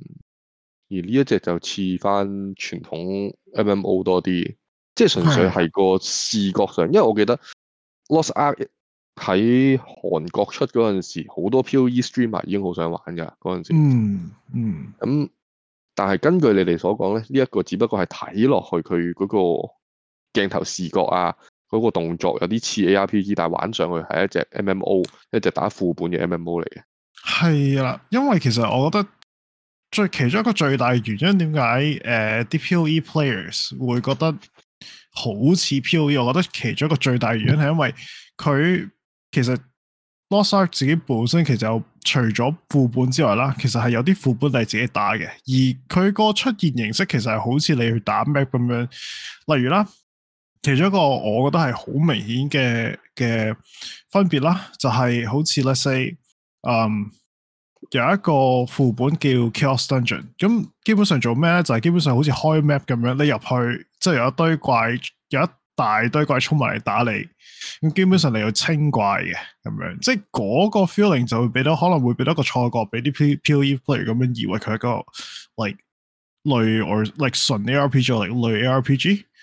而呢一隻就似翻傳統 M M O 多啲，即係純粹係個視覺上， <laughs> 因為我記得 Lost Ark 喺韓國出嗰陣時，好多 POE Streamer 已經好想玩噶嗰陣時嗯。嗯嗯。咁，但係根據你哋所講咧，呢、這、一個只不過係睇落去佢嗰、那個。鏡頭視覺啊，嗰、那個動作有啲似 A R P G，但係玩上去係一隻 M M O，一隻打副本嘅 M M O 嚟嘅。係啦，因為其實我覺得最其中一個最大原因，點、呃、解，誒啲 P O E players 會覺得好似 P O E，我覺得其中一個最大原因係因為佢其實 Lost Ark 自己本身，其實有除咗副本之外啦，其實係有啲副本係自己打嘅，而佢個出現形式其實係好似你去打 map 咁樣，例如啦。其中一個我覺得係好明顯嘅嘅分別啦，就係、是、好似 Let's say，嗯、um, 有一個副本叫 Chaos Dungeon，咁基本上做咩咧？就係、是、基本上好似開 map 咁樣，你入去即係有一堆怪，有一大堆怪衝埋嚟打你，咁基本上你要清怪嘅咁樣，即係嗰個 feeling 就會俾到，可能會俾到一個錯覺，俾啲 Poe player 咁樣以為佢係個 like 類 r like 純 ARPG like 類 ARPG。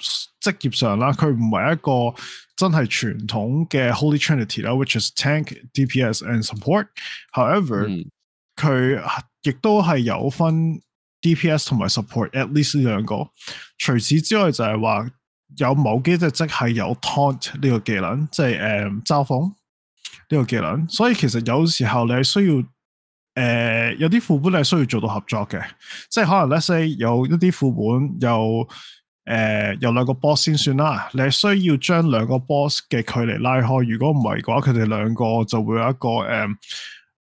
職業上啦，佢唔係一個真係傳統嘅 Holy Trinity 啦、mm hmm.，which is Tank DPS and Support however,、mm。however，、hmm. 佢亦都係有分 DPS 同埋 Support at least 兩個。除此之外就，就係話有某啲嘅職係有 Taunt 呢個技能，即係誒嘲諷呢個技能。所以其實有時候你係需要誒、呃、有啲副本你係需要做到合作嘅，即係可能 Let’s say 有一啲副本有。誒、呃、有兩個 boss 先算啦，你係需要將兩個 boss 嘅距離拉開。如果唔係嘅話，佢哋兩個就會有一個誒、um,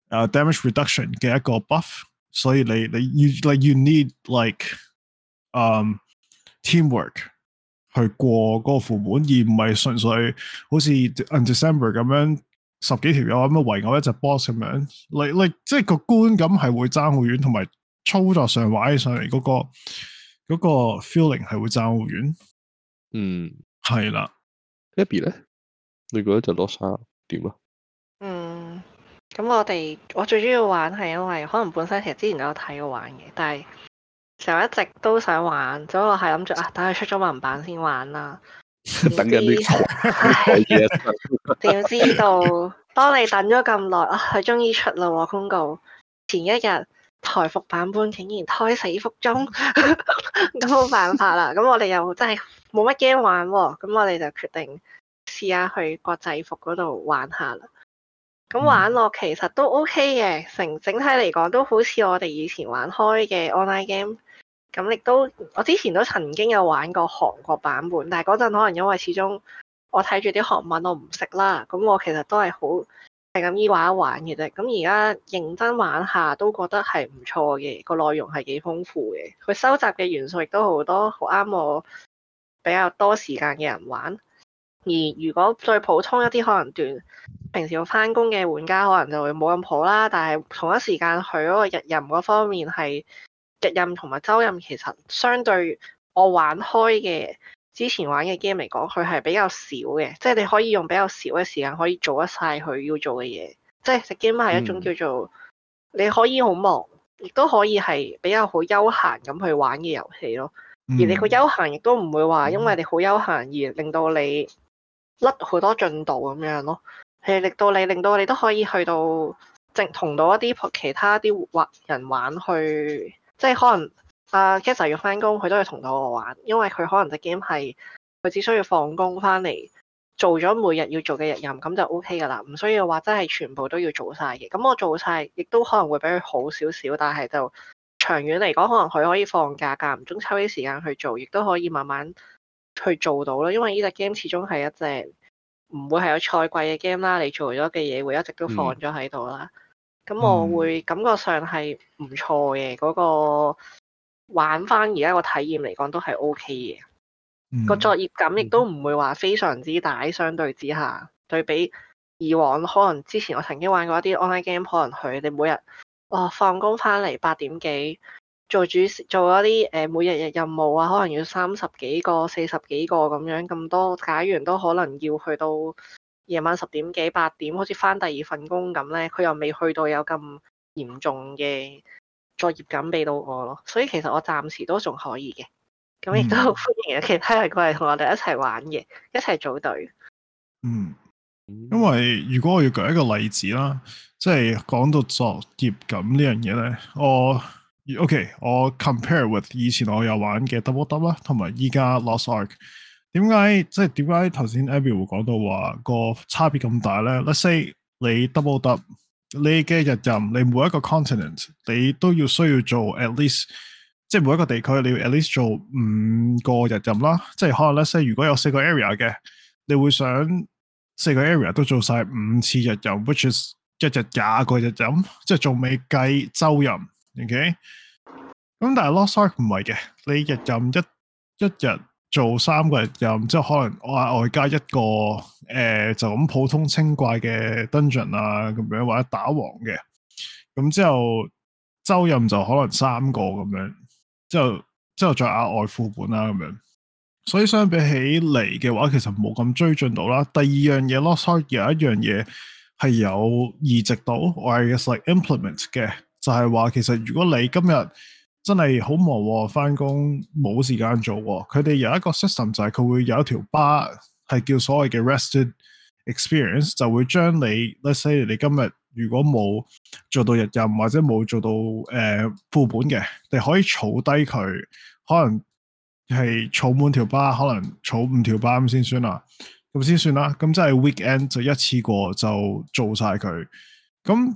uh, damage reduction 嘅一個 buff。所以你你 you,、like, you need like、um, teamwork 去過嗰個副本，而唔係純粹好似 Undecember 咁樣十幾條友咁樣圍我一隻 boss 咁樣。l、like, i、like, 即係個觀感係會差好遠，同埋操作上玩起上嚟嗰、那個。嗰個 feeling 係會爭好遠，嗯，係啦。Eddie 咧，你覺得就攞沙點啊？嗯，咁我哋我最中意玩係因為可能本身其實之前都有睇過玩嘅，但係成日一直都想玩，只不過係諗住啊，等佢出咗文版先玩啦。知知 <laughs> 等緊啲，要知道？當你等咗咁耐啊，佢終於出啦！公告前一日。台服版本竟然胎死腹中，咁冇辦法啦。咁我哋又真係冇乜 game 玩喎。咁我哋就決定試下去國際服嗰度玩，嗯、玩下啦。咁玩落其實都 OK 嘅，成整，整體嚟講都好似我哋以前玩開嘅 online game。咁亦都，我之前都曾經有玩過韓國版本，但係嗰陣可能因為始終我睇住啲韓文我唔識啦，咁我其實都係好。係咁依玩一玩嘅啫，咁而家認真玩下都覺得係唔錯嘅，個內容係幾豐富嘅，佢收集嘅元素亦都好多，好啱我比較多時間嘅人玩。而如果最普通一啲，可能段平時要翻工嘅玩家，可能就會冇咁好啦。但係同一時間佢嗰個日任嗰方面係日任同埋周任，其實相對我玩開嘅。之前玩嘅 game 嚟講，佢係比較少嘅，即係你可以用比較少嘅時間可以做得晒佢要做嘅嘢。即係 game 係一種叫做你可以好忙，亦都、嗯、可以係比較好休閒咁去玩嘅遊戲咯。而你個休閒亦都唔會話因為你好休閒而令到你甩好多進度咁樣咯。係令到你令到你都可以去到正同到一啲其他啲或人玩去，即係可能。阿 Casser、啊、要翻工，佢都要同到我玩，因為佢可能隻 game 係佢只需要放工翻嚟做咗每日要做嘅日任咁就 O K 噶啦，唔需要話真係全部都要做晒嘅。咁我做晒，亦都可能會比佢好少少，但係就長遠嚟講，可能佢可以放假間唔中抽啲時間去做，亦都可以慢慢去做到咯。因為呢隻 game 始終係一隻唔會係有賽季嘅 game 啦，你做咗嘅嘢會一直都放咗喺度啦。咁我會感覺上係唔錯嘅嗰、嗯那個。玩翻而家個體驗嚟講都係 OK 嘅，個、嗯、作業感亦都唔會話非常之大。相對之下，對比以往可能之前我曾經玩過一啲 online game，可能佢哋每日哦，放工翻嚟八點幾做主做嗰啲誒每日嘅任務啊，可能要三十幾個、四十幾個咁樣咁多，解完都可能要去到夜晚十點幾八點，好似翻第二份工咁咧。佢又未去到有咁嚴重嘅。作業感俾到我咯，所以其實我暫時都仲可以嘅，咁亦都歡迎其他人過嚟同我哋一齊玩嘅，一齊組隊。嗯，因為如果我要舉一個例子啦，即係講到作業感呢樣嘢咧，我 OK，我 compare with 以前我有玩嘅 Diablo 啦，同埋依家 Lost Ark，點解即係點解頭先 Abby 會講到話個差別咁大咧？Let's say 你 Diablo。Diablo, 你嘅日任，你每一個 continent，你都要需要做 at least，即係每一個地區你要 at least 做五個日任啦。即係可能咧，即係如果有四個 area 嘅，你會想四個 area 都做晒五次日任 <music> ，which is 一日廿個日任，即係仲未計週任，OK？咁但係 Lost Ark 唔係嘅，你日任一一日，做三個任，即係可能我外加一個，誒、呃、就咁普通清怪嘅 dungeon 啊，咁樣或者打王嘅，咁之後周任就可能三個咁樣，之後之後再額外副本啦咁樣。所以相比起嚟嘅話，其實冇咁追進到啦。第二樣嘢 Lost Ark 咯，所以有一樣嘢係有移植到我嘅實 implement 嘅，就係、是、話其實如果你今日，真係好忙，返工冇時間做。佢哋有一個 system 就係佢會有一條巴係叫所謂嘅 rested experience，就會將你，let’s say 你今日如果冇做到日任或者冇做到誒、呃、副本嘅，你可以儲低佢，可能係儲滿條巴，可能儲五條巴咁先算啦，咁先算啦。咁即係 weekend 就一次過就做晒佢，咁。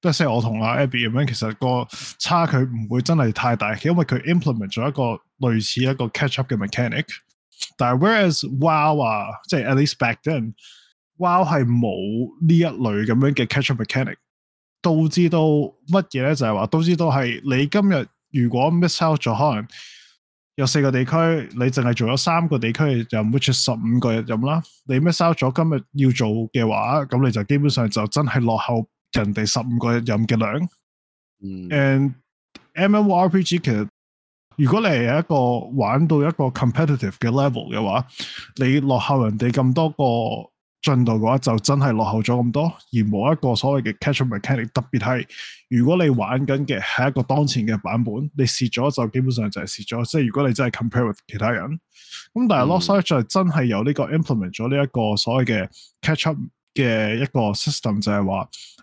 即係我同阿 Abby 咁樣，其實個差距唔會真係太大，因為佢 implement 咗一個類似一個 catch up 嘅 mechanic。但係 whereas WoW 啊，即係 at least back then WoW 係冇呢一類咁樣嘅 catch up mechanic，導致到乜嘢咧？就係話導致到係你今日如果 miss out 咗，可能有四個地區，你淨係做咗三個地區，就唔會出十五個日咁啦。你 miss out 咗今日要做嘅話，咁你就基本上就真係落後。人哋十五個任嘅量，嗯，誒 MMORPG 其實，如果你係一個玩到一個 competitive 嘅 level 嘅話，你落後人哋咁多個進度嘅話，就真係落後咗咁多，而冇一個所謂嘅 catch up mechanic，特別係，如果你玩緊嘅係一個當前嘅版本，你蝕咗就基本上就係蝕咗，即係如果你真係 compare with 其他人，咁、嗯、但係 Lost Ark 就真係有呢個 implement 咗呢一個所謂嘅 catch up 嘅一個 system，就係話。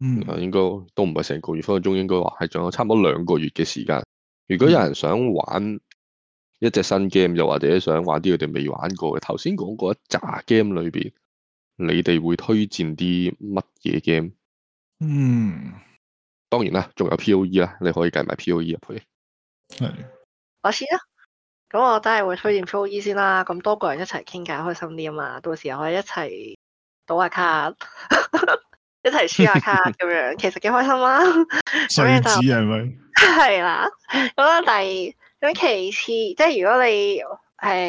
嗯，應該都唔係成個月，分分鐘應該話係仲有差唔多兩個月嘅時間。如果有人想玩一隻新 game，又或者想玩啲佢哋未玩過嘅，頭先講過一紮 game 裏邊，你哋會推薦啲乜嘢 game？嗯，當然啦，仲有 P O E 啦，你可以計埋 P O E 入去。係的，我先啦，咁我真係會推薦 P O E 先啦。咁多個人一齊傾偈開心啲啊嘛，到時又可以一齊賭下卡。 <laughs> 一齊輸下卡咁樣，其實幾開心啦。所以係咪？係啦，咁啊，第咁其次，即係如果你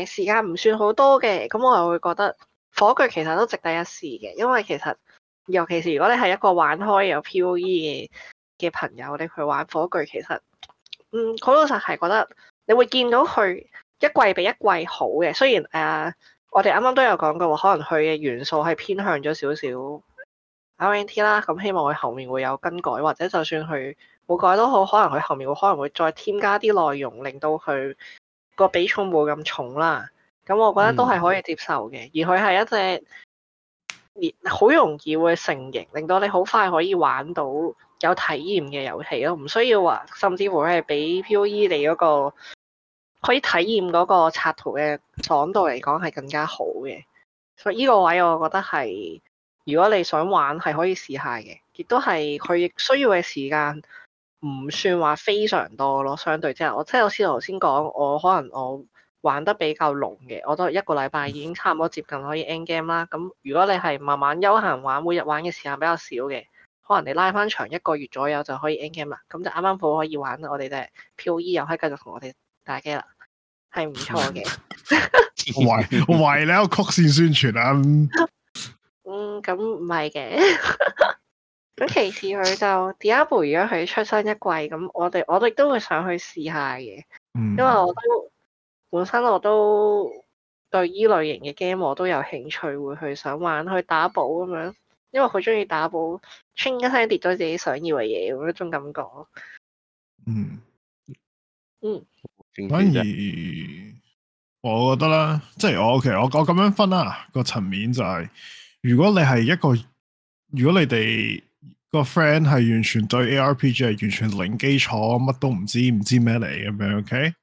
誒時間唔算好多嘅，咁我又會覺得火炬其實都值得一試嘅，因為其實尤其是如果你係一個玩開有 POE 嘅嘅朋友，你去玩火炬其實，嗯，好老實係覺得你會見到佢一季比一季好嘅。雖然誒、啊，我哋啱啱都有講過，可能佢嘅元素係偏向咗少少。I N T 啦，咁希望佢後面會有更改，或者就算佢冇改都好，可能佢後面會可能會再添加啲內容，令到佢個比重冇咁重啦。咁我覺得都係可以接受嘅。而佢係一隻好容易會成型，令到你好快可以玩到有體驗嘅遊戲咯。唔需要話，甚至乎係比 P O E 你嗰個可以體驗嗰個刷圖嘅爽度嚟講係更加好嘅。所以呢個位我覺得係。如果你想玩，係可以試下嘅，亦都係佢需要嘅時間唔算話非常多咯。相對即係我即係我先頭先講，我可能我玩得比較濃嘅，我都一個禮拜已經差唔多接近可以 end game 啦。咁如果你係慢慢休閒玩，每日玩嘅時間比較少嘅，可能你拉翻長一個月左右就可以 end game 啦。咁就啱啱好可以玩，我哋嘅票 o 又可以繼續同我哋打 g a 啦，係唔錯嘅。為為你個曲線宣傳啊！嗯，咁唔係嘅。咁其次，佢就 Diablo，如果佢出新一季，咁我哋我哋都會想去試下嘅。嗯，因為我都本身我都對依類型嘅 game 我都有興趣，會去想玩去打寶咁樣，因為好中意打寶清一聲跌咗自己想要嘅嘢，嗰種感覺。嗯嗯，反而我覺得啦，即係、OK, 我其實我我咁樣分啦、啊個層面就係、是。如果你係一個，如果你哋個 friend 係完全對 ARPG 係完全零基礎，乜都唔知，唔知咩嚟咁樣，OK？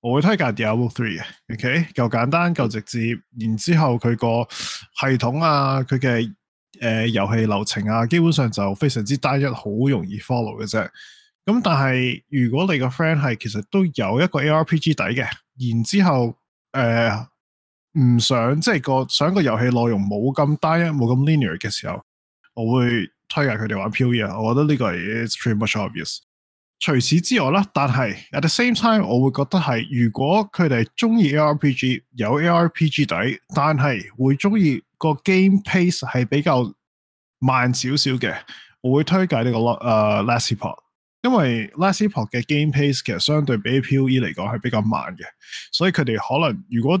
我會推介《Diablo Three》嘅，OK？夠簡單，夠直接，然之後佢個系統啊，佢嘅誒遊戲流程啊，基本上就非常之單一，好容易 follow 嘅啫。咁但係如果你個 friend 係其實都有一個 ARPG 底嘅，然之後誒，呃唔想即係個想個遊戲內容冇咁單一、冇咁 linear 嘅時候，我會推介佢哋玩 PoE 啊！我覺得呢個係 pretty much obvious。除此之外啦，但係 at the same time，我會覺得係如果佢哋中意 ARPG 有 ARPG 底，但係會中意個 game pace 係比較慢少少嘅，我會推介呢、這個 lock、uh, Last Epoch 因為 Last Epoch 嘅 game pace 其實相對比 PoE 嚟講係比較慢嘅，所以佢哋可能如果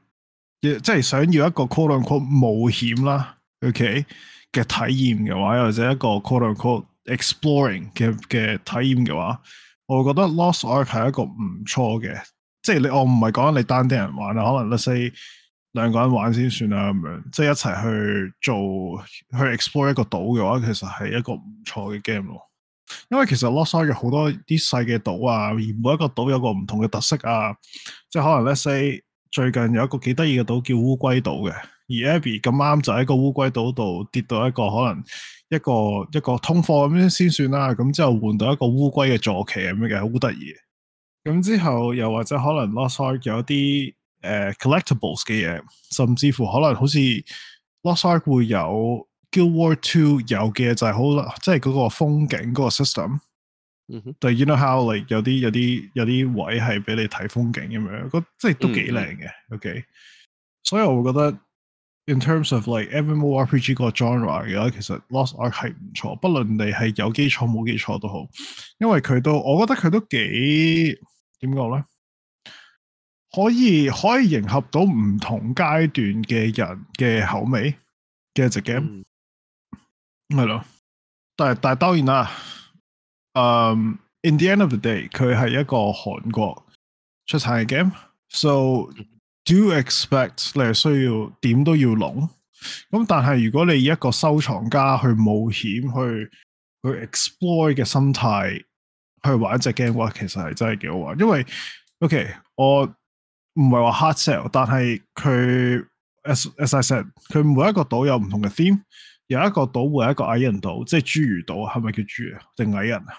即係想要一個 quote unquote 冒險啦，OK 嘅體驗嘅話，又或者一個 quote unquote exploring 嘅嘅體驗嘅話，我會覺得 Lost Ark 係一個唔錯嘅，即係你我唔係講你單啲人玩啊，可能 let's say 兩個人玩先算啦，咁樣即係一齊去做去 explore 一個島嘅話，其實係一個唔錯嘅 game 咯。因為其實 Lost Ark 好多啲細嘅島啊，而每一個島有個唔同嘅特色啊，即係可能 let's say。最近有一個幾得意嘅島叫烏龜島嘅，而 Abby 咁啱就喺個烏龜島度跌到一個可能一個一個通貨咁樣先算啦，咁之後換到一個烏龜嘅坐騎咁樣嘅，好得意。咁之後又或者可能 Lost Ark 有啲誒、呃、collectibles 嘅嘢，甚至乎可能好似 Lost Ark 會有 Guild War Two 有嘅就係好即係嗰個風景嗰、嗰個 system。就 you know how，like 有啲有啲有啲位係俾你睇風景咁樣，即係都幾靚嘅。OK，所以我會覺得，in terms of like every、MM、more RPG 個 genre 嘅話，其實 Lost Ark 係唔錯，不論你係有基礎冇基礎都好，因為佢都，我覺得佢都幾點講咧，可以可以迎合到唔同階段嘅人嘅口味嘅一隻 game，係咯，但係但係當然啦。嗯 yeah, but, but, 嗯，in the end of the day，佢係一個韓國出產嘅 game，so do expect 你需要點都要濃，咁但係如果你以一個收藏家去冒險去去 explore 嘅心態去玩一隻 game 嘅話，其實係真係幾好玩，因為 OK 我唔係話 hard sell，但係佢 as as I said，佢每一個島有唔同嘅 theme。有一個島會有一個矮人島，即係侏儒島，係咪叫侏啊？定矮人啊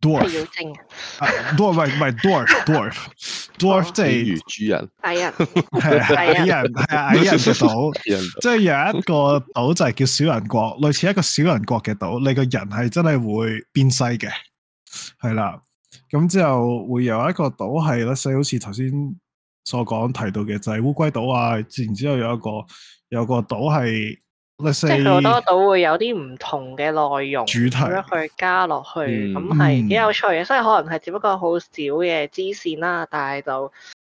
？Dwarf，Dwarf，唔係唔係 Dwarf，Dwarf，Dwarf 即係侏人，矮人，係啊 <laughs> 對，矮人，係啊 <laughs> 是，矮人嘅島，即係 <laughs> <laughs> 有一個島就係叫小人國，類似一個小人國嘅島，你個人係真係會變細嘅，係啦。咁之後會有一個島係咧，即係好似頭先所講提到嘅，就係烏龜島啊。然之後有一個有一個島係。Let's say, 即係好多島會有啲唔同嘅內容，主題去加落去，咁係幾有趣嘅。所以可能係只不過好少嘅支線啦，但係就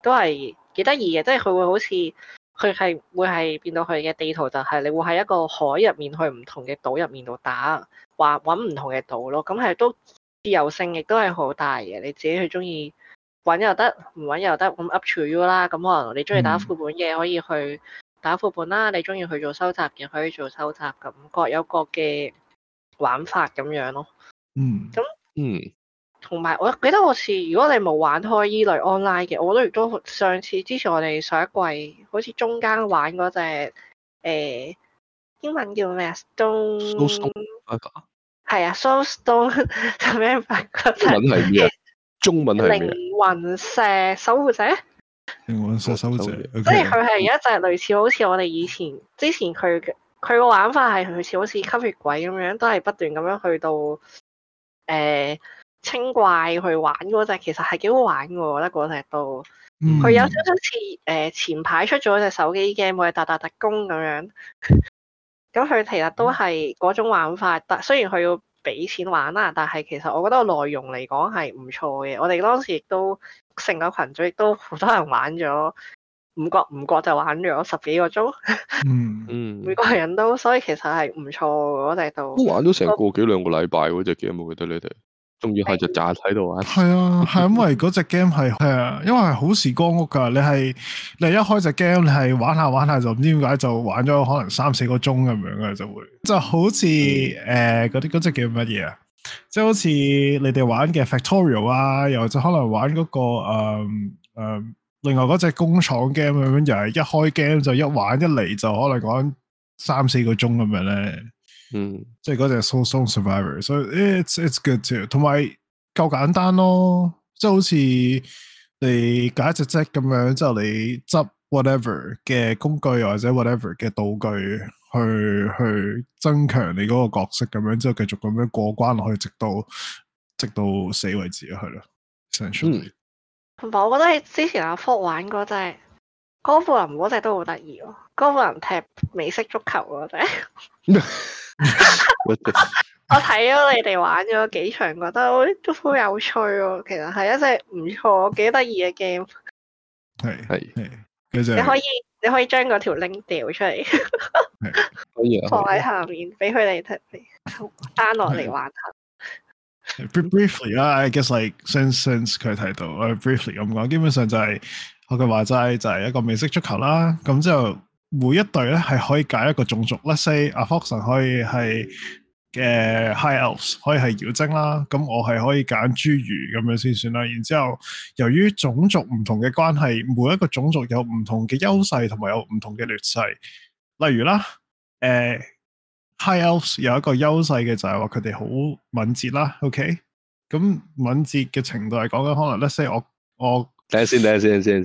都係幾得意嘅。即係佢會好似佢係會係變到佢嘅地圖就係你會喺一個海入面去唔同嘅島入面度打，話搵唔同嘅島咯。咁係都自由性亦都係好大嘅，你自己去中意搵又得，唔搵又得，咁 up to you 啦。咁可能你中意打副本嘅，可以去。嗯打副本啦、啊，你中意去做收集嘅可以做收集，咁各有各嘅玩法咁樣咯。嗯，咁那嗯，同埋我記得好似，如果你冇玩開依類 online 嘅，我都亦都上次之前我哋上一季好似中間玩嗰隻、欸、英文叫咩啊？Stone。Soul Stone？係啊，Stone，s 做咩發掘？英、嗯、 <laughs> 文係咩？中文係點靈魂石守，守護者。Okay. 即係佢係有一隻類似好似我哋以前之前佢佢個玩法係類似好似吸血鬼咁樣，都係不斷咁樣去到誒、呃、清怪去玩嗰隻，其實係幾好玩嘅，我覺得嗰隻都，佢、嗯、有少少似誒前排出咗隻手機 game 嘅特特特工咁樣，咁 <laughs> 佢其實都係嗰種玩法，嗯、但雖然佢要。俾錢玩啦，但係其實我覺得內容嚟講係唔錯嘅。我哋當時亦都成個群組，亦都好多人玩咗，五個五個就玩咗十幾個鐘、 <laughs> 嗯。嗯嗯，每個人都，所以其實係唔錯嗰隻都。我哋、都玩咗成個幾兩個禮拜嗰隻 game，我都記得你哋。中意開就炸喺度玩，係 <laughs> 啊，係因為嗰隻 game 係係啊，因為好時光屋噶，你係你一開隻 game，你係玩下玩下就唔知點解就玩咗可能三四個鐘咁樣啊，就會就好似誒嗰啲嗰隻叫乜嘢啊，即係、嗯呃就是、好似你哋玩嘅 factorial 啊，又或者可能玩嗰、那個誒誒、嗯嗯，另外嗰隻工廠 game 咁樣，又係一開 game 就一玩一嚟，就可能講三四個鐘咁樣咧。嗯，即係嗰隻《Soulstone Survivor》，所以 it's it's good too。同埋夠簡單咯，即係好似你解一隻積咁樣，之後你執 whatever 嘅工具或者 whatever 嘅道具去去增強你嗰個角色咁樣，之後繼續咁樣過關落去，直到直到死為止咯，係咯，essential。同埋、嗯，我覺得之前阿 Fox 玩嗰隻《哥布林嗰隻都好得意咯，《哥布林踢美式足球咯，真 <laughs> <laughs> 我睇咗你哋玩咗幾場，覺得都好有趣哦。其實係一隻唔錯、幾得意嘅 game。係係係，你可以你可以將嗰條 link 掉出嚟，可以是放喺下面俾佢哋睇 download 落嚟玩下。briefly I guess like since since 佢提到，briefly 咁講，基本上就係、是、我嘅話齋就係一個美式足球啦，咁就。每一隊咧係可以揀一個種族，let's say 阿、啊、Fox 可以係嘅、呃、High Elves 可以係妖精啦，咁我係可以揀侏儒咁樣先算啦。然之後由於種族唔同嘅關係，每一個種族有唔同嘅優勢同埋有唔同嘅劣勢。例如啦，誒、呃、High Elves 有一個優勢嘅就係話佢哋好敏捷啦。OK，咁敏捷嘅程度係講緊可能 let's say 我我，等下先，等下先，等下先先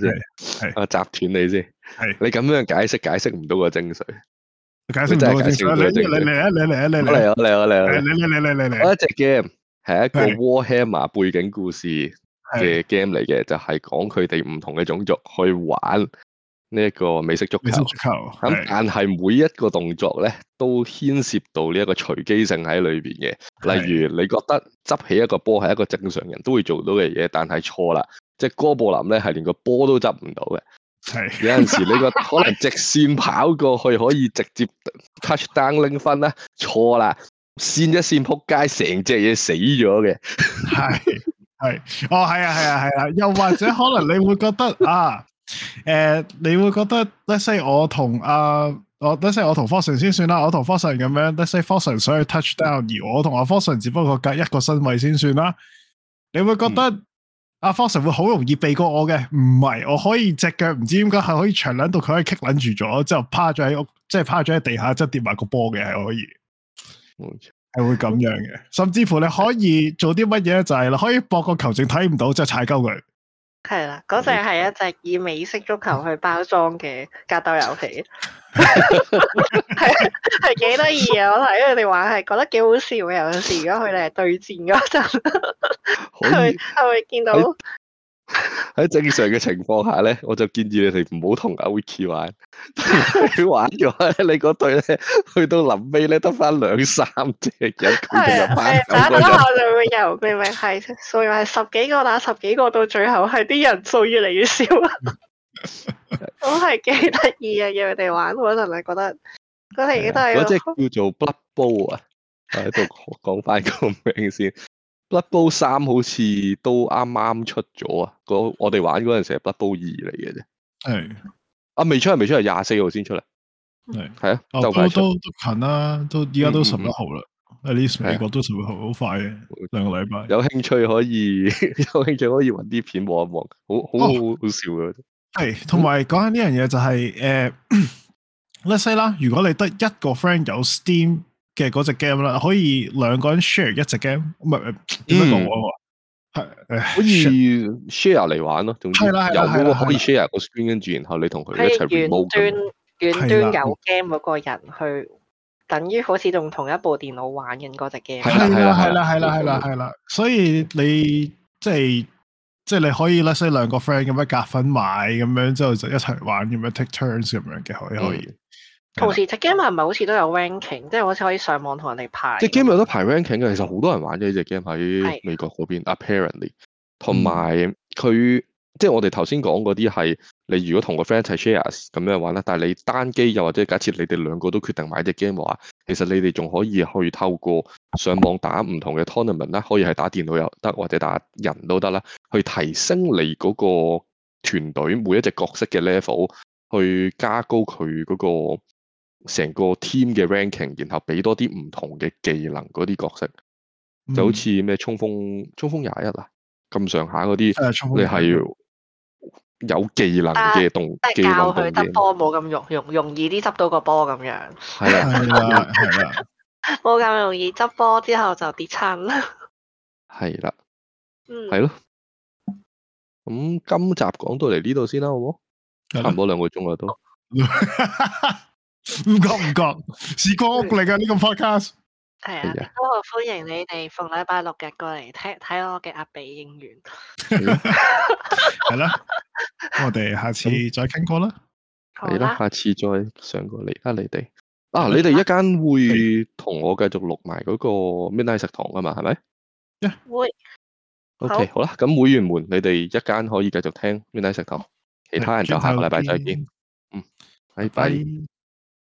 先，係啊，集團你先。係是你咁樣解釋解釋唔到個精髓，解釋唔到精髓。嚟嚟嚟嚟嚟嚟嚟，嚟啊嚟啊嚟啊嚟啊嚟嚟嚟嚟嚟嚟。我一隻 game 係一個 Warhammer 是背景故事嘅 game 嚟嘅，就係講佢哋唔同嘅種族去玩呢一個美式足球。咁但係每一個動作咧，都牽涉到呢一個隨機性喺裏邊嘅。例如你覺得執起一個波係一個正常人都會做到嘅嘢，但係錯啦。即哥布林咧係連個波都執唔到嘅。是 <laughs> 有陣時你覺得可能直線跑過去可以直接 touchdown 拎分啦，錯啦，扇一扇扑街，成隻嘢死咗嘅。係 <laughs> 係，哦係啊係啊係啊。又或者可能你會覺得啊，誒你會覺得，let's say 我同阿我 let's say 我同 Forceon 先算啦，我同 Forceon 咁樣，let's say Forceon 想去 touchdown，而我同阿 Forceon 只不過隔一個身位先算啦，你會覺得。阿、啊、Fox 會好容易避過我嘅，唔係，我可以隻腳唔知點解係可以長兩度，佢可以棘捻住咗，之後趴咗喺屋，即係趴咗喺地下，即係跌埋個波嘅，係可以，係 Okay. 會咁樣嘅，甚至乎你可以做啲乜嘢咧？就係、是、你可以博個球證睇唔到，即係踩鳩佢。係啦，嗰隻係一隻以美式足球去包裝嘅格鬥遊戲，係係幾得意啊！我睇佢哋玩，係覺得幾好笑嘅。有時如果佢哋係對戰嗰陣，佢係會見到。喺正常嘅情況下咧，我就建議你哋唔好同阿 Wiki 玩，玩咗你嗰隊咧，去到臨尾咧得翻兩三隻人，係啊，打咗下就又明明係，以係十幾個打十幾個，幾個到最後係啲人數越嚟越少。我係幾得意啊！約佢哋玩嗰陣，係覺得佢哋幾得意。嗰隻叫做 Blood Bowl 啊，喺度講翻個名先。Blood Bowl 三好似都啱啱出咗的啊！我哋玩嗰陣時係 Blood Bowl 二嚟嘅啫。係啊，未出係未的的出，係廿四號先出嚟。係係啊，都都近啦，都依家都十一號啦。At least 美國都十一號，好的快啊。兩個禮拜。有興趣可以，有興趣可以搵啲片望一望，好好好好笑嘅。係，同埋講緊呢樣嘢就係、是，誒 Let's say 啦，如果你得一個 friend 有 Steam。嘅嗰隻 game 啦，可以兩個人 share 一隻 game，唔係點樣講啊？係，嗯、好似 share 嚟玩咯，總之有冇可以 share 個 screen 跟住，然後你同佢一齊玩。遠端，遠端有 game 嗰個人去，等於好似用同一部電腦玩緊嗰隻 game。係啦，係啦，係啦，係啦，係啦，所以你即係即係你可以咧，所以兩個 friend 咁樣夾份買咁樣之後就一齊玩咁樣 take turns 咁樣嘅，可以可以。同時，隻 game 係咪好似都有 ranking，即係好似可以上網同人哋排。隻 game 有得排 ranking 嘅，其實好多人玩嘅呢隻 game 喺美國嗰邊是的，apparently。同埋佢，即係我哋頭先講嗰啲係，你如果同個 friend 一齊 share 咁樣玩啦。但係你單機又或者假設你哋兩個都決定買隻 game 嘅話，其實你哋仲可以去透過上網打唔同嘅 tournament 啦，可以係打電腦又得，或者打人都得啦，去提升你嗰個團隊每一隻角色嘅 level，去加高佢嗰個。成個 team 嘅 ranking，然後俾多啲唔同嘅技能嗰啲角色，就好似咩衝鋒衝鋒廿一啊，咁上下嗰啲，你係要有技能嘅動，教佢執波冇咁容容容易啲執到個波咁樣，係啦，係啦，冇咁容易執波之後就跌親啦，係啦，嗯，係咯，咁今集講到嚟呢度先啦，好唔好？差唔多兩個鐘啦，都。唔覺唔覺， <laughs> <laughs> 是歌嚟噶呢個 podcast。係啊，都歡迎你哋逢禮拜六日過嚟聽睇我嘅阿比演員。係啦，我哋下次再傾過啦。係啦、 <laughs> 啊，下次再上過嚟啊，啊， <laughs> 啊！你哋啊，你哋一間會同我繼續錄埋嗰個 Midnight 食堂啊嘛，係咪？會 <laughs> <laughs> okay。O K，好啦，咁會員們，你哋一間可以繼續聽 Midnight 食堂，其他人就下個禮拜再見。嗯， <laughs> 拜拜。